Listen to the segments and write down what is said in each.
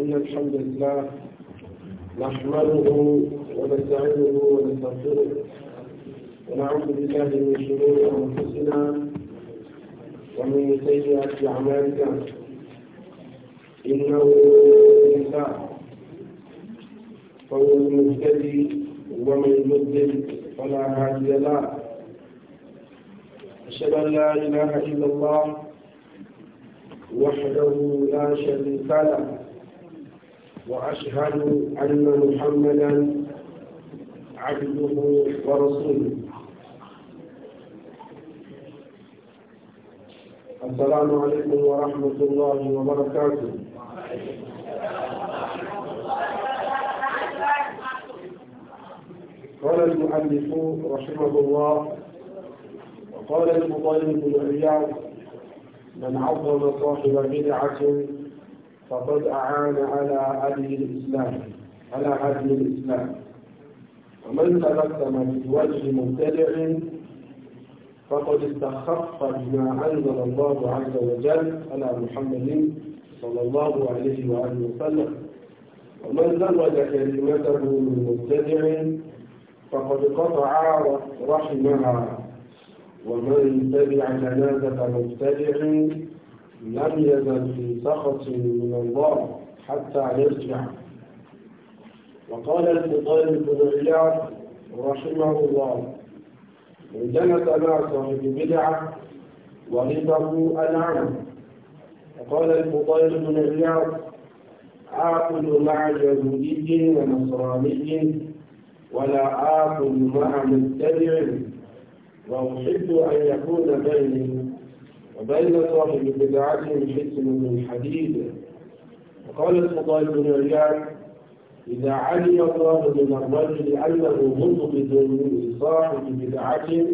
إن الحمد لله نحمده ونستعينه ونستغفره ونعوذ بالله من شرور أنفسنا ومن سيئات أعمالنا إنه نساء فهو المهتدي ومن يضلل فلا هادي له أشهد أن لا إله إلا الله وحده لا شريك له وأشهد أن محمدا عبده ورسوله السلام عليكم ورحمة الله وبركاته قال المؤلف رحمه الله وقال المطالب بن عياض من عظم صاحب بدعة فقد أعان على هدي الإسلام على هدي الإسلام ومن تلقم بوجه مبتدع فقد استخف بما أنزل الله عز وجل على محمد صلى الله عليه وآله وسلم ومن زوج كلمته من مبتدع فقد قطع رحمها ومن تبع جنازة مبتدع لم يزل في سخط من الله حتى يرجع وقال الفضيل بن عياض رحمه الله عندما جنس مع صاحب بدعة وربه أنعم وقال الفضيل بن الرياض آكل مع يهودي ونصراني ولا آكل مع مبتدع وأحب أن يكون بيني وبين صاحب بدعته حسن من حديد وقال الفضيل بن عياد إذا علم الله من الرجل أنه مبغض لصاحب بدعته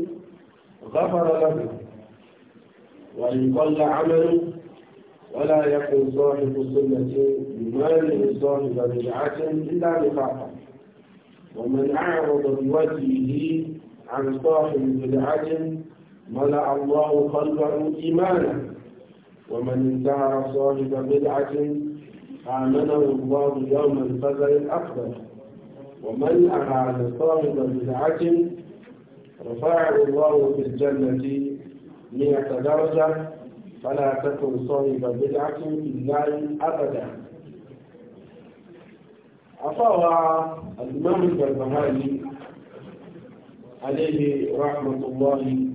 غفر له وإن قل عمله ولا يكن صاحب سنة بمال صاحب بدعة إلا نفاقا ومن أعرض بوجهه عن صاحب بدعة منع الله قلبه إيمانا ومن انتهر صاحب بدعة آمنه الله يوم الفجر الأكبر ومن أعان صاحب بدعة رفعه الله في الجنة مئة درجة فلا تكن صاحب بدعة في الله أبدا أفوى الإمام البربهاري عليه رحمة الله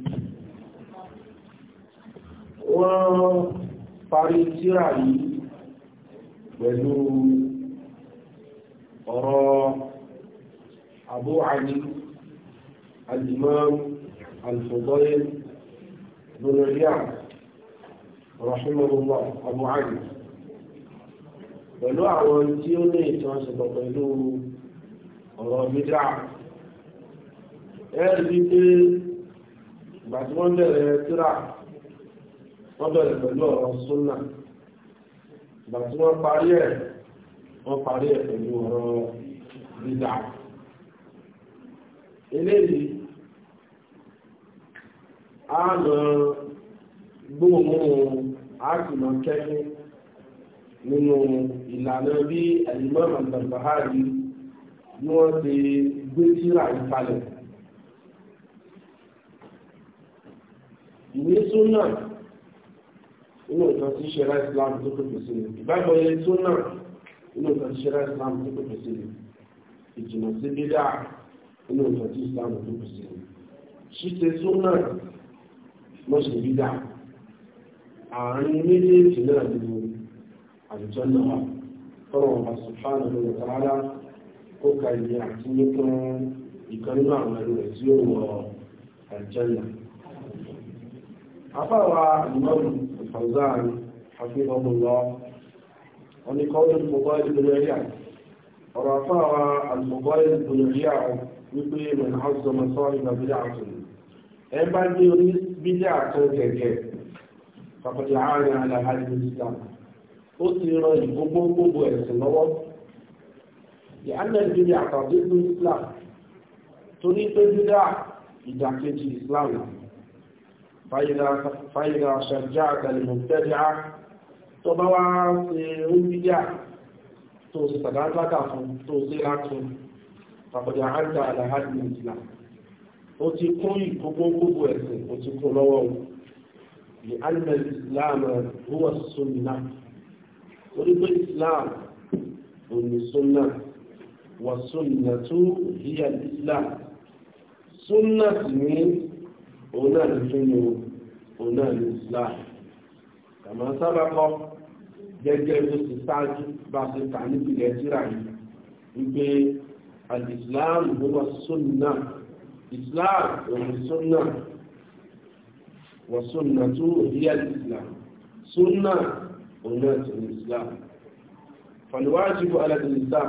wọ́n parí tírà yìí pẹ̀lú ọ̀rọ̀ Abu Ali al-Imam al-Fudayl bin Iyad rahimahullah Abu Ali pẹ̀lú àwọn tí ó ní ìtàn pẹ̀lú ọ̀rọ̀ mídà ẹ̀rí pé ìgbà wọ́n bẹ̀rẹ̀ tírà wọ́n bẹ̀rẹ̀ pẹ̀lú súnà ìgbà tí parí ẹ̀ wọ́n parí ẹ̀ ọ̀rọ̀ dídà eléyìí a lọ gbóhùn àtìmọ̀ nínú ìlànà bí ẹ̀yìnmọ́ àgbàgbàhárì ni wọ́n ti gbé ìwé súnà inú ìtàn tí ṣẹlá islam tó pèpè sí ni ìbábọ̀ yẹn tó náà inú ìtàn tí ṣẹlá islam tó pèpè sí ni ìjìnà sí bídà inú ìtàn tí islam tó pèpè sí ṣíṣe tó náà mọ́ṣẹ̀ bídà àárín méjèèjì náà ni àwùjọ náà wà tọrọ ọba sùfàánù lórí ọ̀tàrádá ó ka ìyẹn àti nípa ìkan nínú àwọn ẹ̀rọ rẹ̀ tí ó wọ àjẹyà. afáwa ìmọ̀ràn الفوزان حفظه الله ولقول المضايد بن عياض ورفع المضايد بن عياض wípé mọ̀nà ọ̀sọ̀mọ̀ sọ ìgbà bídá àtún ẹ bá ní orí bídá àtún kẹ̀kẹ́ pàpàtà àárín aláhàlì islam ó sì ran ìgbógbó gbogbo ẹ̀sìn lọ́wọ́ ìhánà islam torí pé bídá ìdàkejì islam fàyíra ṣàjá àtàlẹ̀mọ̀ tẹ́jà tó bá wá ṣe oúnjẹ tó ṣe tàdágbàtà fún tó ṣe látún pàpàdà àjà àlàhàdì ìsìlá ó ti kún ìgbogbo gbogbo ẹ̀sìn ó ti kún lọ́wọ́ ní alìmẹ̀ islam huwa sunna orí òun náà ti tún ní òun náà ní Islam kàmá sábà kọ́ gẹ́gẹ́ bó ti ṣáájú bá ti kà níbi ilẹ̀ síra yìí wípé al-Islam ló wà sunna Islam òun sunna wà sunna tó hiya Islam sunna òun náà ti ní Islam fàlùwájú alàdìlìsá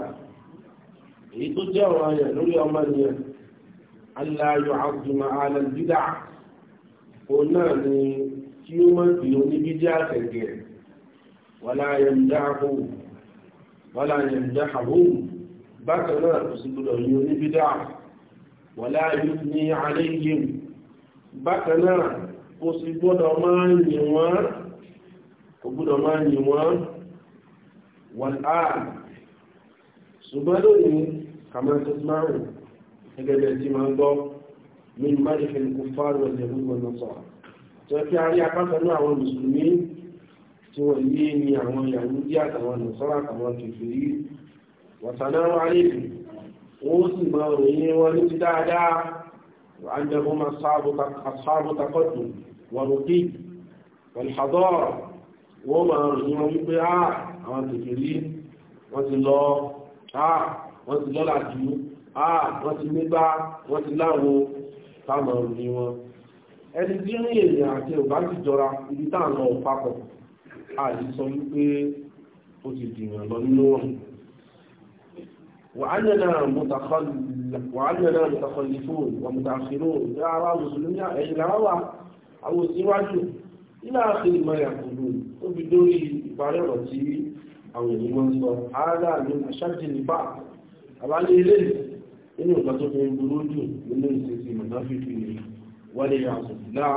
èyí tó jẹ́ ọ̀rọ̀ ayẹ̀ lórí ọmọ ènìyàn aláyọ̀ àjùmọ̀ alàdìdá òun náà ni kí ó mọ̀ sí oníbídí àtẹ̀gẹ̀ wàlá yẹmdáhù wàlá yẹmdáhù bákan náà kò sí gbọdọ̀ yí oníbídá wàlá yìí ní alẹ́ yìí bákan náà kò sí gbọdọ̀ máa ń yìn wọ́n kò gbọdọ̀ máa ń yìn wọ́n wàlá ṣùgbọ́n lónìí kàmá min mẹ́rìnfẹ́ kúfàrí wọn lè rúgbọ́n náà sọ tó kí a rí apákanú àwọn mùsùlùmí tí wọ́n yé ni àwọn Yahudi àtàwọn nàṣọ́rà àtàwọn kèfèrí wọ̀sánà àlejò wọ́n sì máa ròyìn wọn ní ti dáadáa عندهم أصحاب تقدم ورقي والحضارة وما رجل wípé àà àwọn kèfèrí wọ́n ti lọ àà wọ́n ti lọ́làjú àà wọ́n ti nígbà wọ́n ti láwọn táwọn òní wọn ẹni tí ní èèyàn àti ọ̀gá ti jọra ibi táà lọ papọ̀ àti sọ wípé ó ti dìyàn lọ nínú wọn wàhánàlá mùtàkọlìfún wà mùtàkìrún lára mùsùlùmí ẹ̀yìn láwà àwọn òsíwájú ilá àfihàn mẹ́rin àkùnrin ó fi dórí ìparí ọ̀rọ̀ tí àwọn ènìyàn sọ ààrẹ àmì aṣáájú nípa àbálẹ̀ ilé nínú nǹkan tó fi ń burú jù nínú ìsinsin mọ̀náfíìkì ni wọ́n lè yàtọ̀ náà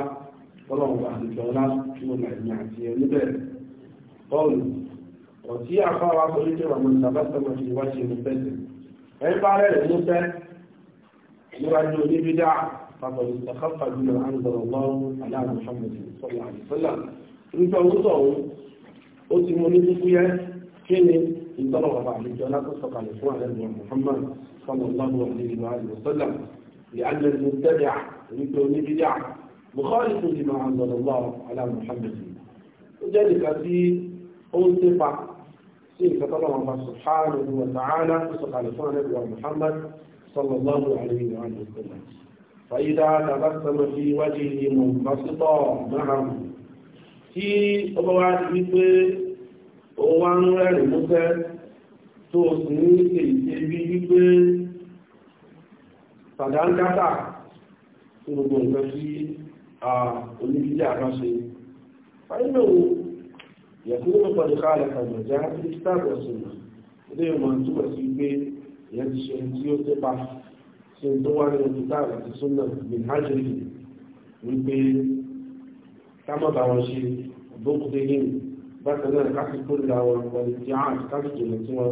fọlọ́run wà nípa ọlá tí ó là ní àti ẹ níbẹ̀ bọ́ọ̀lù ọ̀tí àfáwà sọ wípé ọmọ ìsàbásọ̀mọ̀ fi wá ṣe nípẹ́sẹ̀ ẹ bá rẹ̀ nípẹ́ níwájú oníbídá pàtàkì ìsàkáfà jùlọ àǹdọ̀rọ̀lọ́rùn aláàrùn Muhammad sọ̀rọ̀ àdìsọ́là nípa orúkọ òun ó ti mú ní fífúyẹ́ kí ni ìtọ́lọ̀wọ̀ àlejò alátọ́sọ̀kalẹ̀ fún àlejò Muhammad صلى الله عليه وآله وسلم لأن المبتدع يكون بدع مخالف لما أنزل الله على محمد وذلك في أول صفة صفة الله سبحانه وتعالى وصف على سنة محمد صلى الله عليه وآله وسلم فإذا تبسم في وجهه منبسطا معه في أبوات مثل وأنوار المسلم tó sì ń ṣe ìṣẹ́bí wípé pàdánkátà tó gbogbo nǹkan sí oníbílé àbáṣe fàílò yẹ̀kú ló pẹ̀lú káàlẹ̀ kàgbẹ̀já ìsítàgbẹ̀ sọ̀rọ̀ ilé ìmọ̀ túbọ̀ sí pé ìyẹn ti ṣe tí ó tẹ́pa ṣe tó wá ní ojú táàrà ti súnà ní hajjẹ́lì wípé kámọ́bà wọn ṣe bókùté yìí bákan náà kásìkò ìlà wọn pẹ̀lú ti ààrùn kásìkò ìlẹ̀ tí wọn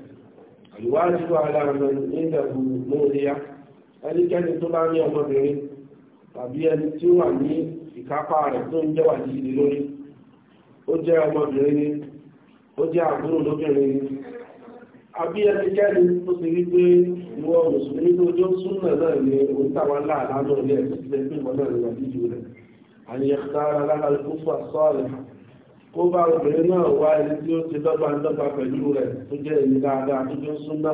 àlùwájú aláàmọ nígbàgbọ lóríyá ẹnikẹ́ni tó bá ní ọmọbìnrin tàbí ẹni tí ó wà ní ìkápá rẹ̀ tó ń jẹ́ wàjí ìdí lórí ó jẹ́ ọmọbìnrin ni ó jẹ́ àbúrò lóbìnrin ni àbí ẹnikẹ́ni tó ti rí pé ìwọ mùsùlùmí tó jọ súnà náà ni òun táwa láàlá náà ní ẹ̀sìn sílẹ̀ pé ìwọ náà ni wàjí jù rẹ̀ àyẹ̀kọ́ ara lára ikú fún àsọ́ọ̀lẹ̀ kó bá obìnrin náà wá ẹni tí ó ti dọ́gba dọ́gba pẹ̀lú rẹ̀ tó jẹ́ èmi dáadáa tó jẹ́ súnà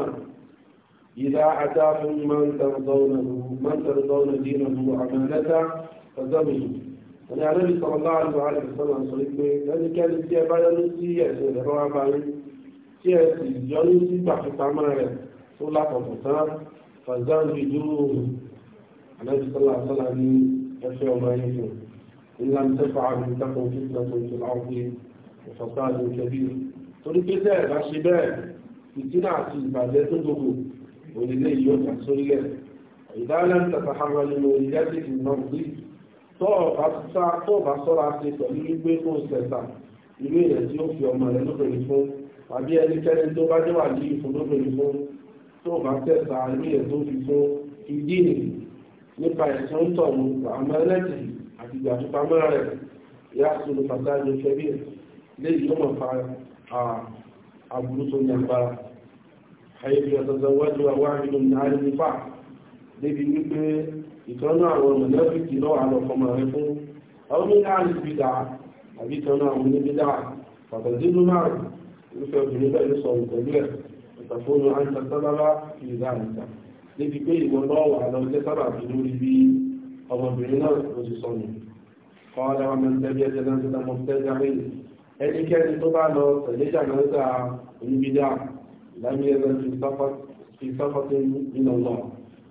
ìlà ajá fún mọ́ntàrúdọ́ọ̀nà dínà lu àmàlẹ́ta ọ̀dọ́mì ẹni alẹ́bí sọ̀rọ̀ láàrin ààrẹ sọ̀rọ̀ sọ pé lẹ́nikẹ́ni tí ẹ bá yọnu sí ẹ̀sìn ẹ̀rọ abáyé tí ẹ sì yọnu sí gbàfipamọ́ rẹ̀ tó lápapọ̀ tán fàzán bìdúró àlẹ́bí sọ̀rọ̀ àtọ́lá ní ẹfẹ́ ọmọ yẹn fún un إن لم تفعلوا تكن فتنة في الأرض وفساد كبير torí pé bẹ́ẹ̀ bá ṣe bẹ́ẹ̀ ìdínà àti ìbàjẹ́ tó gbogbo onílé yóò jà sórílẹ̀ ìdálẹ́ tàtàhàrà nínú ìyájì ìnáwó tọ́ọ̀bá sọ́ra ṣe pẹ̀lú wípé kó sẹ̀ta ilé rẹ̀ tí ó fi ọmọ rẹ̀ lóbìnrin fún àbí ẹnikẹ́ni tó bá jẹ́wà ní ìfún lóbìnrin fún tọ́ọ̀bá sẹ̀ta ilé rẹ̀ tó fi fún ìdí nípa ẹ̀sán tọ̀run àmọ́ ẹlẹ́tìrì àti ìyàtúpamọ́ rẹ̀ yàtúlù fàtàlù fẹ́bí léyìí yóò mọ̀ fa àbúrú tó ní agbára ayébí ọ̀tọ̀zọ̀wọ́dù àwọn àrínú ní àrínífà débi wípé ìtọ́nà àwọn mọ̀lẹ́bí ti lọ́wọ́ àlọ́kọmọ rẹ̀ fún ọdún ní àríbìdà àbí ìtọ́nà àwọn oníbìdà pàtàkìlú márùn irúfẹ́ obìnrin bẹ́ẹ̀ sọ ọmọbìnrin náà ló ti sọ nù kọ́lá ọmọ tẹ́bí ẹ̀jẹ̀ náà ti tọmọ tẹ́jà rí ẹnikẹ́ni tó bá lọ tẹ̀lé jàmẹ́ta oníbídà lámìẹ́rẹ́ fi sáfọ́tẹ́ nínú náà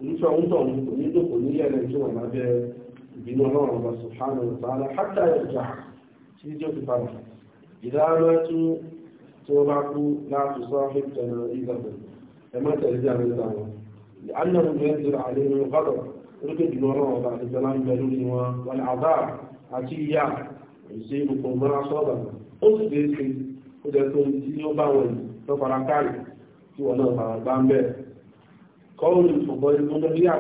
nífẹ̀ẹ́ oúnjẹ òun kò ní dòkò ní ẹ̀rẹ́ tí wọ́n máa bẹ ìbínú ọlọ́run ọba sùhánù ìtàlá hátà ẹ̀jà tí jẹ́ ti padà ìdáná tí tí wọ́n bá kú láti oríkè jùlọ náà ọba àtẹ̀sọ́lá ń bẹ lórí wọn wọn àbá àti ìyá ìṣe ìrùkùn gbọ́nà sọ́ọ̀bà ó sì dé sí ó jẹ́ tó tí ó bá wọn tó fara káàlì tí wọn náà fara gbá ń bẹ̀. kọ́ọ̀lù ìfọ̀bọ́ ìmúdọ́ríyà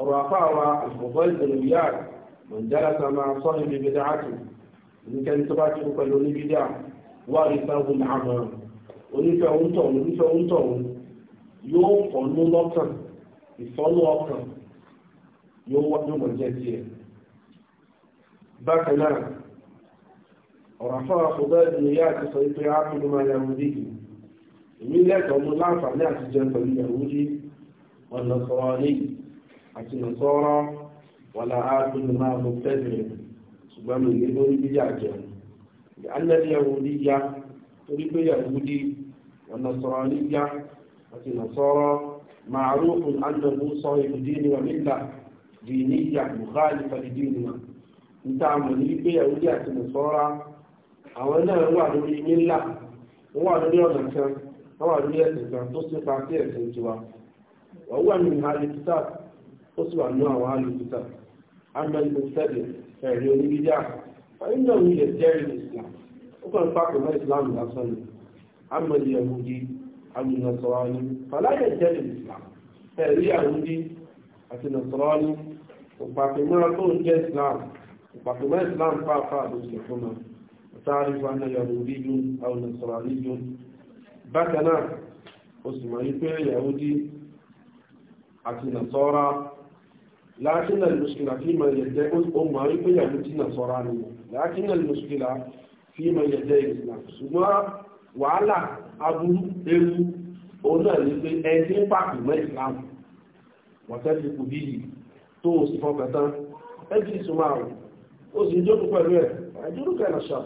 ọ̀rọ̀ afáwa ìfọ̀bọ́ ìmúdọ́ríyà mọ̀jára sàmà sọ́ọ̀nì bíbí dáàtù nìkẹ́ni tó bá ti kú pẹ̀lú oníbídà wà ní sáwọn àmọ́ onífẹ́ òun tọ̀hún onífẹ́ òun tọ̀hún yóò fọ́nú lọ́kàn ìfọ́nú ọkàn yóò wá yóò mọ̀ jẹ́ tiẹ̀. bákan náà ọ̀rọ̀ afọ́ra kò bẹ́ẹ̀ ni ìyá àti sọ pé a kúrò máa ya wọ́n dìgbì èmi lẹ́tọ̀ọ́ mú láǹfààní àti jẹun pẹ̀lú Yahudi ọ̀nà sọ̀rọ̀ ní àti nọ̀sọ́rọ̀ wàlà a kúrò máa mú tẹ́lẹ̀ ṣùgbọ́n mi ní lórí bí yà jẹun alẹ́ Yahudi ya torí pé Yahudi ọ̀nà sọ̀rọ̀ ní ya àti nọ̀sọ́rọ̀ màrúfù annahu sọ ìfìdí ni wà nílà dìníyà buhari fàdídìnà ń tá a mọ̀ ní wípé ẹ̀wúdí àti mùsọ́ra àwọn náà wà lórí nílà wọ́n wà lórí ọ̀nà kan wọ́n wà lórí ẹ̀sìn kan tó sì pa sí ẹ̀sìn tiwa wọ́n wà nínú alìkítà ó sì wà nínú àwọn alìkítà amẹ́lìkò sẹ́lẹ̀ ẹ̀rí onígídá ọ̀yìnbó ní ilẹ̀ jẹ́rìí islam ó kàn pàpọ̀ mọ́ islam lásán ni amẹ́lì ẹ̀mùdí amìnàsọ̀rọ̀ ni fàlàyé jẹ́rìí islam ẹ̀rí àwùjí àti nàṣọ́rọ́ní òpàpẹ̀mọ́ tó ń jẹ́ islam òpàpẹ̀mọ́ islam pàápàá ló sì fún wọn táàrí fún anáyàwó rí yún àwọn nàṣọ́rọ́ní yún bákan náà ó sì máa ń pé yahudi àti nàṣọ́rọ́ láàkínà ìmùsùlùmí fi máa yẹ jẹ́ ó máa ń pé yahudi nàṣọ́rọ́ ni láàkínà wàhálà aburú ewu òun náà ní pé ẹni pàpẹ̀mọ́ islam wọ̀tẹ́lì kù bíi tó o sì fọkàn tán ẹjì tó máa rùn ó sì jókòó pẹ̀lú ẹ̀ àìjúrú kẹ́ ẹ̀ṣà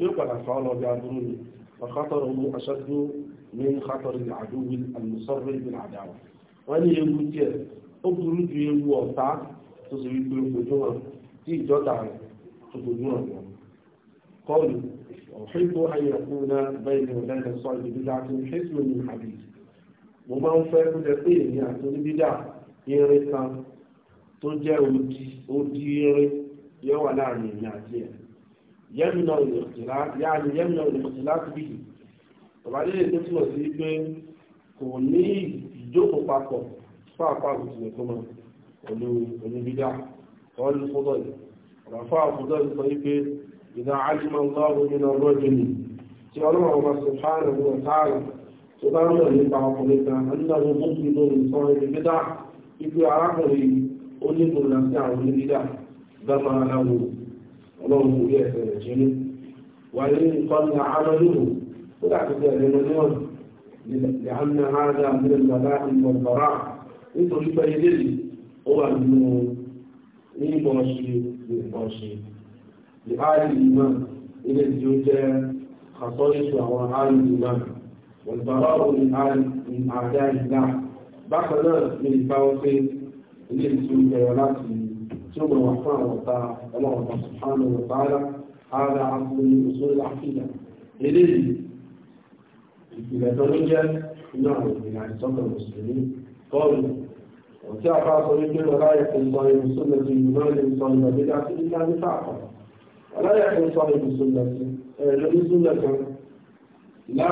yóò padà fa ọlọ́bí aburú ni ọ̀kátọ̀rọ̀ mú aṣáájú ní kátọ̀rọ̀ ní àdúgbò àlùsọ́rọ̀ ìbí àdáwà wọ́n ní ewu tiẹ̀ ó burú ju ewu ọ̀tá tó sì rí pé tí ìjọta rẹ̀ tó gbogbo wọn wọn. قول أحب أن يكون بيني من حديث وما أفهم تقيل يعني بدعة irin kan tó jẹ́ odi odi irin yóò wà láàrin ìrìn àti ẹ̀ yẹ́mìnà ìrìnàjìlá yáàni yẹ́mìnà ìrìnàjìlá ti bí ọ̀bá lílé tó túnmọ̀ sí pé kò ní ìjókòó papọ̀ fáfáà kò tilẹ̀ tó mọ̀ pẹ̀lú oníbídà ọ̀lú fúdọ̀lì ọ̀bàfáà fúdọ̀lì sọ wípé ìdá alìmọ̀ lọ́wọ́ nínú ọgbọ́n jẹ́ni tí ọlọ́run ọba sọ̀tàrà ló wọ̀ tààrà tó bá rọ̀ nípa ọkùnrin kan nínú ọgbọ́n tó ń sọ ẹni bídà ibi arákùnrin onígun láti àwọn onídà dámà aláwò ọlọ́run kò rí ẹ̀sẹ̀ rẹ̀ jínú wà ní nǹkan ní àmàlùmù ó dàbí ti ẹ̀rẹ́ lọ níwọ̀n ní àmì àádá àmìlẹ̀ bàbá ìmọ̀bàrá nítorí ilé tí ó jẹ́ àsọ́yìnṣù àwọn àárì ìmọ̀ wọ̀n bàbá òun àárì ìmọ̀ bákan náà ní ìgbà wọn pé ilé ìtún bẹ̀rẹ̀ láti tí ó mọ̀ wà fún àwọn ọ̀tá ọlọ́run ọ̀tá sùpánù ọ̀tá ara ara àbúrò ní òṣèré láfíìlà eléyìí ìpìlẹ̀ tó ló jẹ́ iná àwọn ìpìlẹ̀ àìsọ́kọ̀ mùsùlùmí kọ́ọ̀lù ọ̀tí àbá sọ wípé ọláyẹ̀kùn sọ ìmùsùlùmí ti ìmọ̀lẹ̀ sọ ìmọ̀lẹ̀ láti nílá ní sáàpà ọláyẹ̀kùn sọ ìmùsùlùmí ẹ̀rọ ìsúlẹ̀ kan lá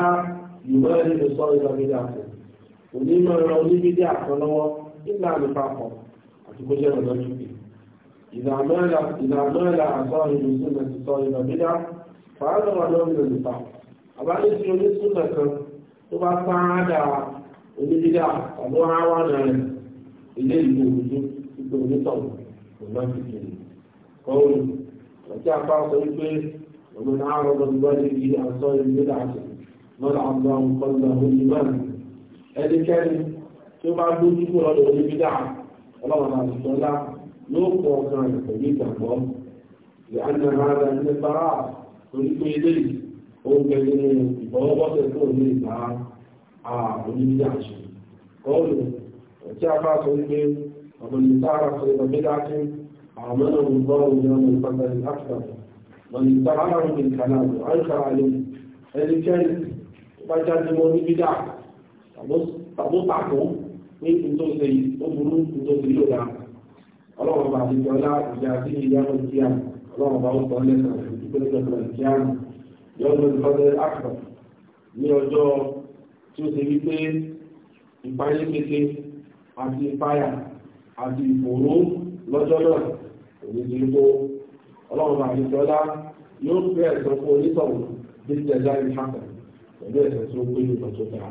ìmọ̀lẹ̀ sọ ìmọ̀lẹ̀ láti kò ní máa ra oníbídé àtọ́lọ́wọ́ nígbà àlùpapọ̀ àti bó jẹ́ ọ̀dọ́ jùlọ. ìlànà àtọ́ ìlúsùn àti sọ ìlọ̀bídá fàánà wà lórí olùpa àbáyé tí onísùn kan tó bá sáádà oníbídá tàbí wọn á wà náà rẹ̀ ilé ìlú òwúdú ipò onítọ̀wọ̀ kò náà fi kiri kọ́ọ̀lù àti apá sọ wípé òmìnira àrọ̀dọ̀ gbọ́dọ̀ yìí àwọn kọ́ńtà ó ní ẹnikẹ́ni tí ó bá lójú kó lọ́dọ̀ níbi dáa ọlọ́run àtìsọ́lá yóò pọ̀ ọ̀kan rẹ̀ pẹ̀lú ìgbàgbọ́ ìhànà ara ní bàrà onípe ilé oúnjẹ nínú ìbọ̀wọ́bọ́sẹ̀ tó ní ìgbà onídìí àṣẹ kọ́ọ̀lù tí a bá sọ wípé ọmọ ìsára sọ ìgbàgbé dákẹ́ àwọn mẹ́rin olùgbọ́ òun ọmọ ìpàtàkì áfíríkà wọn ìsára àwọn ìkànnà àìkàrà ẹnikẹ́ni tó bá jáde mọ́ níbi dáa ló pàtó pé nítorí ṣe ó burú nítorí yóò dáa ọlọ́run bá ti jọlá ìjà sí ìyá ló kí á ọlọ́run bá ó sọ lẹ́sàn ìpínlẹ̀ ìjọba kí á yọ̀ọ́dún ìfọ́dẹ́ àkọ́ ní ọjọ́ tí ó ṣe wípé ìpáyé kéke àti ìpáyà àti ìfòòró lọ́jọ́ náà òní ti kó ọlọ́run bá ti jọlá yóò fẹ́ ẹ̀sán fún onítọ̀hún bí ti ẹ̀dá ìfàkàn pẹ̀lú ẹ̀sán tí ó pé ìgbà tó dára.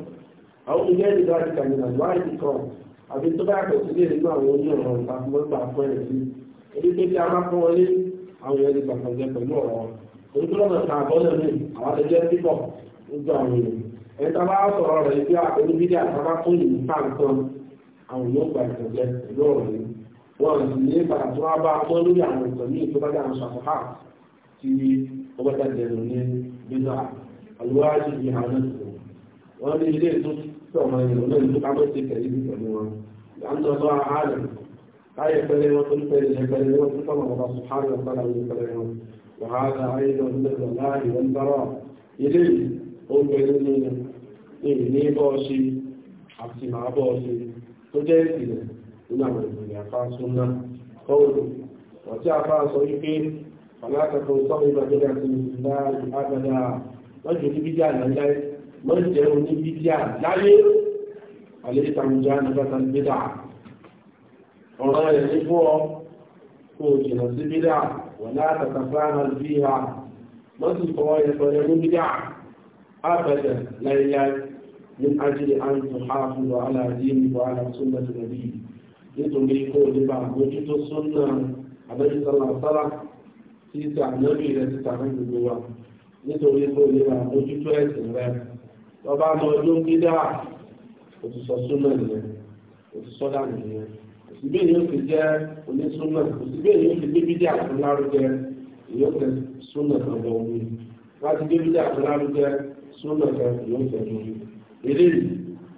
àwọn ilé ẹ̀rí bá ti kàyìn àjọ àìsí kan àbí tó bá yàtọ̀ sílé nínú àwọn oní ọ̀rọ̀ ìtàkùnmọ́gbà fún ẹ̀ sí ebi pé kí a máa fún wọlé àwọn ẹ̀rí pàtàkì pẹ̀lú ọ̀rọ̀ wọn torí tó lọ́nà kan àbọ́lẹ̀ mi àwọn ẹ̀jẹ̀ pípọ̀ nígbà àwọn èèyàn ẹ̀ta bá sọ̀rọ̀ rẹ̀ ibi àpẹẹrẹ bídí àtàbá fún ìlú pàǹkan àwọn yóò gba ìtọ̀jẹ́ pẹ̀lú ọ̀rọ̀ yìí wọ́n sì ní padà tó wá bá pọ́n lórí àwọn ìtọ̀ ní ìjọba dá àwọn ṣàfihà tí ọgbẹ́ta jẹ̀rọ ní bíbá àlùwájú ní àwọn ìtọ̀ wọ́n ní ilé ìtún tí ọmọ ìlú náà ló kábọ̀ sí kẹ̀lé wọn láńtọ́ lọ́wọ́ àárẹ̀ káyé pẹ̀lẹ́ wọn tó ń pẹ̀lẹ́ ẹgbẹ̀rẹ́ wọn tó tọ́lọ̀ ọba sùhárì ọ̀pá láwọn ìpẹ̀lẹ́ wọn wàhálà ayélujára ń bẹ̀rẹ̀ láàyè ilé oúnjẹ nínú ìní bọ́ọ̀ṣì mọ́ jẹ́ oníbídíà láyé àléétàmùjá nígbàtà bídà ọ̀rọ̀ rẹ̀ ní fún ọ kó o jìnà sí bídà wà látàkà sáàrà bí i ha mọ́ sì fọwọ́ yẹ pẹ̀lú ní bídà ábẹ̀dẹ̀ láyéláyé ní ajílẹ̀ àǹtò háàfù wà aláàdí ní wà aláàtúndà tó nàbí nítorí kó o lè bá àbójútó súnà àbẹ́sọ̀lá sára títà nábì rẹ̀ títà náà gbogbo wa nítorí kó o lè bá àbójútó ẹ̀sìn rẹ̀ lọ́ba mọ ọdún gídá òtúsọ súnmọ̀ nìyẹn òtúsọ dànù nìyẹn òsìgbè yóò fi jẹ́ onísúnmọ̀ òsìgbè yóò fi gbé bídí àfún lárugẹ yóò fẹ́ súnmọ̀ kan lọ omi láti gbé bídí àfún lárugẹ súnmọ̀ kan yóò fẹ́ lórí eléyìí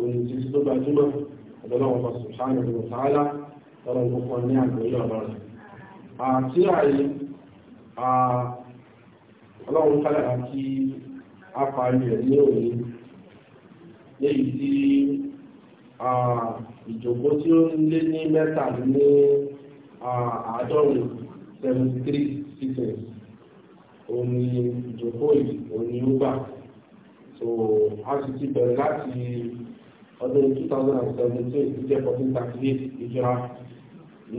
òní ti tó gbajúmọ̀ ọ̀dọ́lọ́wọ́ fa subhanahu wa ta'ala ọ̀rọ̀ gbogbo ní àgbẹ̀yẹ ọ̀rọ̀ rẹ̀ àti àyè ọlọ́run kálẹ̀ àti apàrí rẹ̀ ní òní léyìí tí ìjòkó tí ó lé ní mẹ́ta ní àádọ́rin seventy three seasons òun ni ìjòkó yìí òun ni ó gbà so a sì ti bẹ̀rẹ̀ láti ọdún two thousand and seventeen ìjẹ́ fourteen thirty eight ìjọra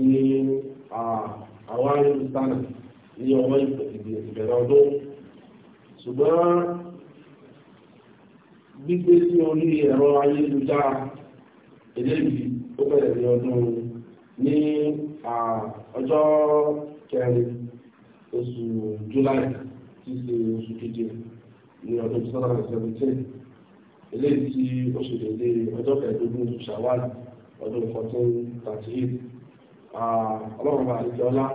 ní àwọn ayélujára ní ọwọ́ ìbẹ̀rẹ̀ ọdún ṣùgbọ́n gbígbé sí orí ẹ̀rọ ayélujára eléyìí ó bẹ̀rẹ̀ ní ọdún ní ọjọ́ kẹrin oṣù july tí ṣe oṣù keje ní ọdún 2017 eléyìí tí ó ṣe dédé ọjọ́ kẹẹ̀ẹ́dógún oṣù shawal ọdún 1438 ọlọ́run bá àríkẹ́ ọlá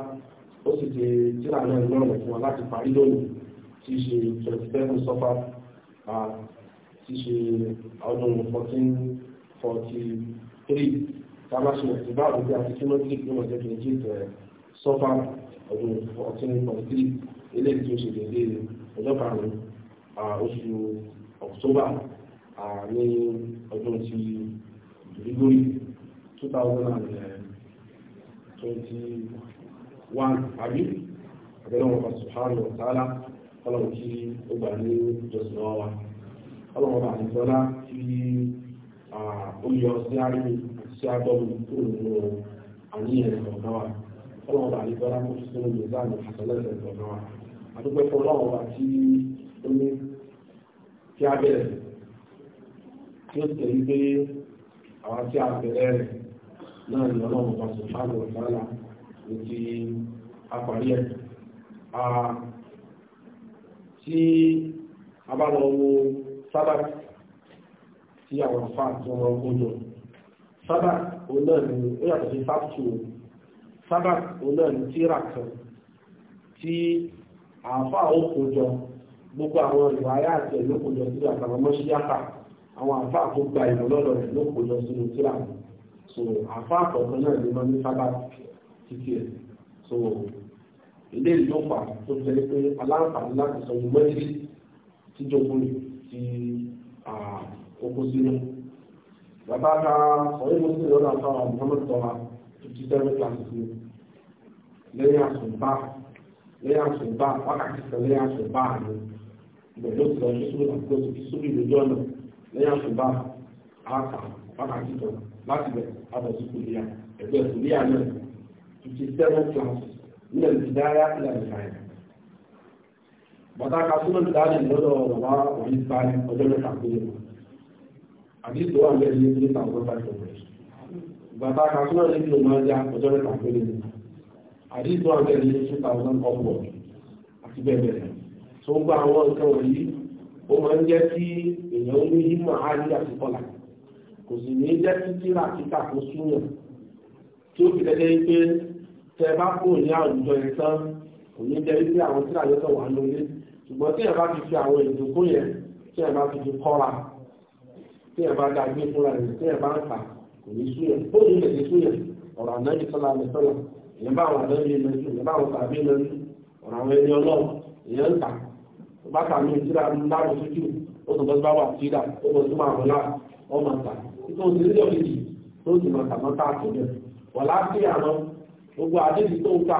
ó sì ti tíra náà lọ́rùn fún wa láti parí lónìí tí ṣe 27 sọ́fà ti ṣe ọdún 1443 tàbáṣe ìbá àbúgbé àti timothy lọ́wọ́ jẹ́ 28 sọ́fà ọdún 1443 eléyìí tí ó ṣe dédé ọjọ́ karùn-ún oṣù october ní ọdún ti ìdílórí 2021 eh, àbí àbẹ́lẹ́wọ̀n pàṣípààrọ̀ tààlà ọlọ́run kí ó gbà ní ìjọsìn wa ọlọ́mọba àdìsọ́lá tí olùyọ sí àríwí sí àtọ́wò tó nínú àníyàn ìkọ̀ọ̀kan ọlọ́mọba àdìsọ́lá kó sí sínú mẹ́sàn àtọ́lẹ́sẹ̀ ìkọ̀ọ̀kan àdúgbò fún ọlọ́mọba tí ó ní kí á bẹ̀rẹ̀ tí ó tẹ̀lé pé àwọn tí a bẹ̀rẹ̀ rẹ̀ náà ni ọlọ́mọba sọ̀tánù ọ̀tánà ti àparí ẹ̀ tí a bá lọ wo sábàbí tí àwọn fáà tí wọ́n ń jọ sábà òun ó yàtọ̀ sí fáàtù o sábà òun náà tí àáfàá ó kó jọ gbogbo àwọn ìwà ayé àti ẹ̀ ló kó jọ sí àtàwọn mọ́ṣíyàtà àwọn àáfàá tó gba ìlú lọ́dọ̀ rẹ̀ ló kó jọ sínú tíra so àáfàá kọ̀ọ̀kan náà ni wọ́n ní sábà títí ẹ̀ so ilé ìlú pa tó tẹ̀lé pé aláǹfààní láti sọ ìmọ̀ ìdí tíjọ́ fún mi tí àkókò sínú. Bàbá ka ọ̀rẹ́ mo sì àtàwọn Muhammad Tọ́lá fifty seven classes ni. Lẹ́yìn àsùnbà lẹ́yìn àsùnbà wákàtí kan lẹ́yìn àsùnbà ni. Ìgbẹ̀jọ́ ti lọ sí sórí àkókò sí sórí ìlójú ọ̀nà lẹ́yìn àsùnbà àkà wákàtí kan láti bẹ̀ àbọ̀ sí kùdìyà ẹgbẹ́ kùdìyà náà fifty seven classes ní ẹ̀dùn dáyà ìlànà ìlànà bàtà ka súnmọ́ ti dáadé lọ́dọ̀ wà orí sáré ọjọ́ mẹ́ta pé àti ìtò wà lẹ́yìn ní ìta ọjọ́ mẹ́ta pé bàtà ka súnmọ́ ti lò máa já ọjọ́ mẹ́ta pé ní àti ìtò wà lẹ́yìn ní ìta ọjọ́ ọ̀pọ̀ àti bẹ́ẹ̀ bẹ́ẹ̀ tó gba àwọn nǹkan wọ̀nyí ó máa ń jẹ́ kí èèyàn ní yímọ̀ áyé àti kọlà kò sì ní jẹ́ kí tíra kíkà kó súnyàn tí ó fi dẹ́dẹ́ pé tẹ ṣùgbọ́n tí ẹ̀bá ti fi àwọn ìdòkó yẹn tí ẹ̀bá ti fi kọ́ra tí ẹ̀bá dá gbé fúnra rẹ̀ tí ẹ̀bá ń kà kò ní sú yẹn ó ní lè sú yẹn ọ̀rọ̀ ànáyé sọ́la ní sọ́la ìyẹn bá àwọn ànáyé lẹ́nu ìyẹn bá àwọn tàbí lẹ́nu ọ̀rọ̀ àwọn ẹni ọlọ́run ìyẹn ń kà bákà mi ìtura láàrú tútù ó tó bá wà síra ó bọ́sí máa wọlá ọmọ ta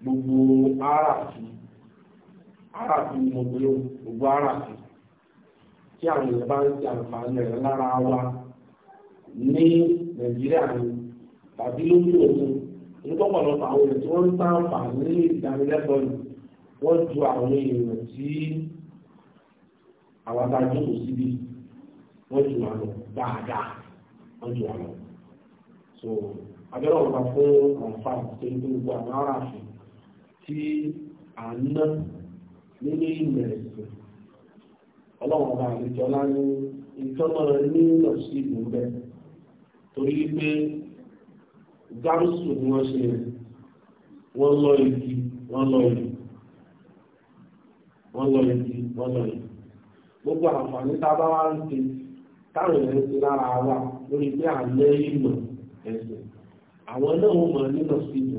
gbogbo áràfù áràfù mọ̀gbẹ́lò gbogbo áràfù tí àwọn bá ń àǹfààní lára wa ní nàìjíríà ni tàbí lórí àwọn tí wọ́n ń ìdánilẹ́kọ̀ọ́ yìí wọ́n ju àwọn tí àwọn adájọ́ kò síbi wọ́n ju dáadáa wọ́n ju so abẹ́rẹ́ ọ̀gá fún àǹfààní tó ń gbogbo àwọn tí a ń ná nínú ìmọ̀ ẹ̀sìn ọlọ́run ọba àlejòlá ní ìtọ́nà ní lọ sí ìlú torí pé gáúsù ni wọ́n ṣe wọ́n lọ ìdí wọ́n lọ ìdí wọ́n lọ ìdí wọ́n lọ ìdí gbogbo àǹfààní tá a bá wá ń ṣe táwọn èèyàn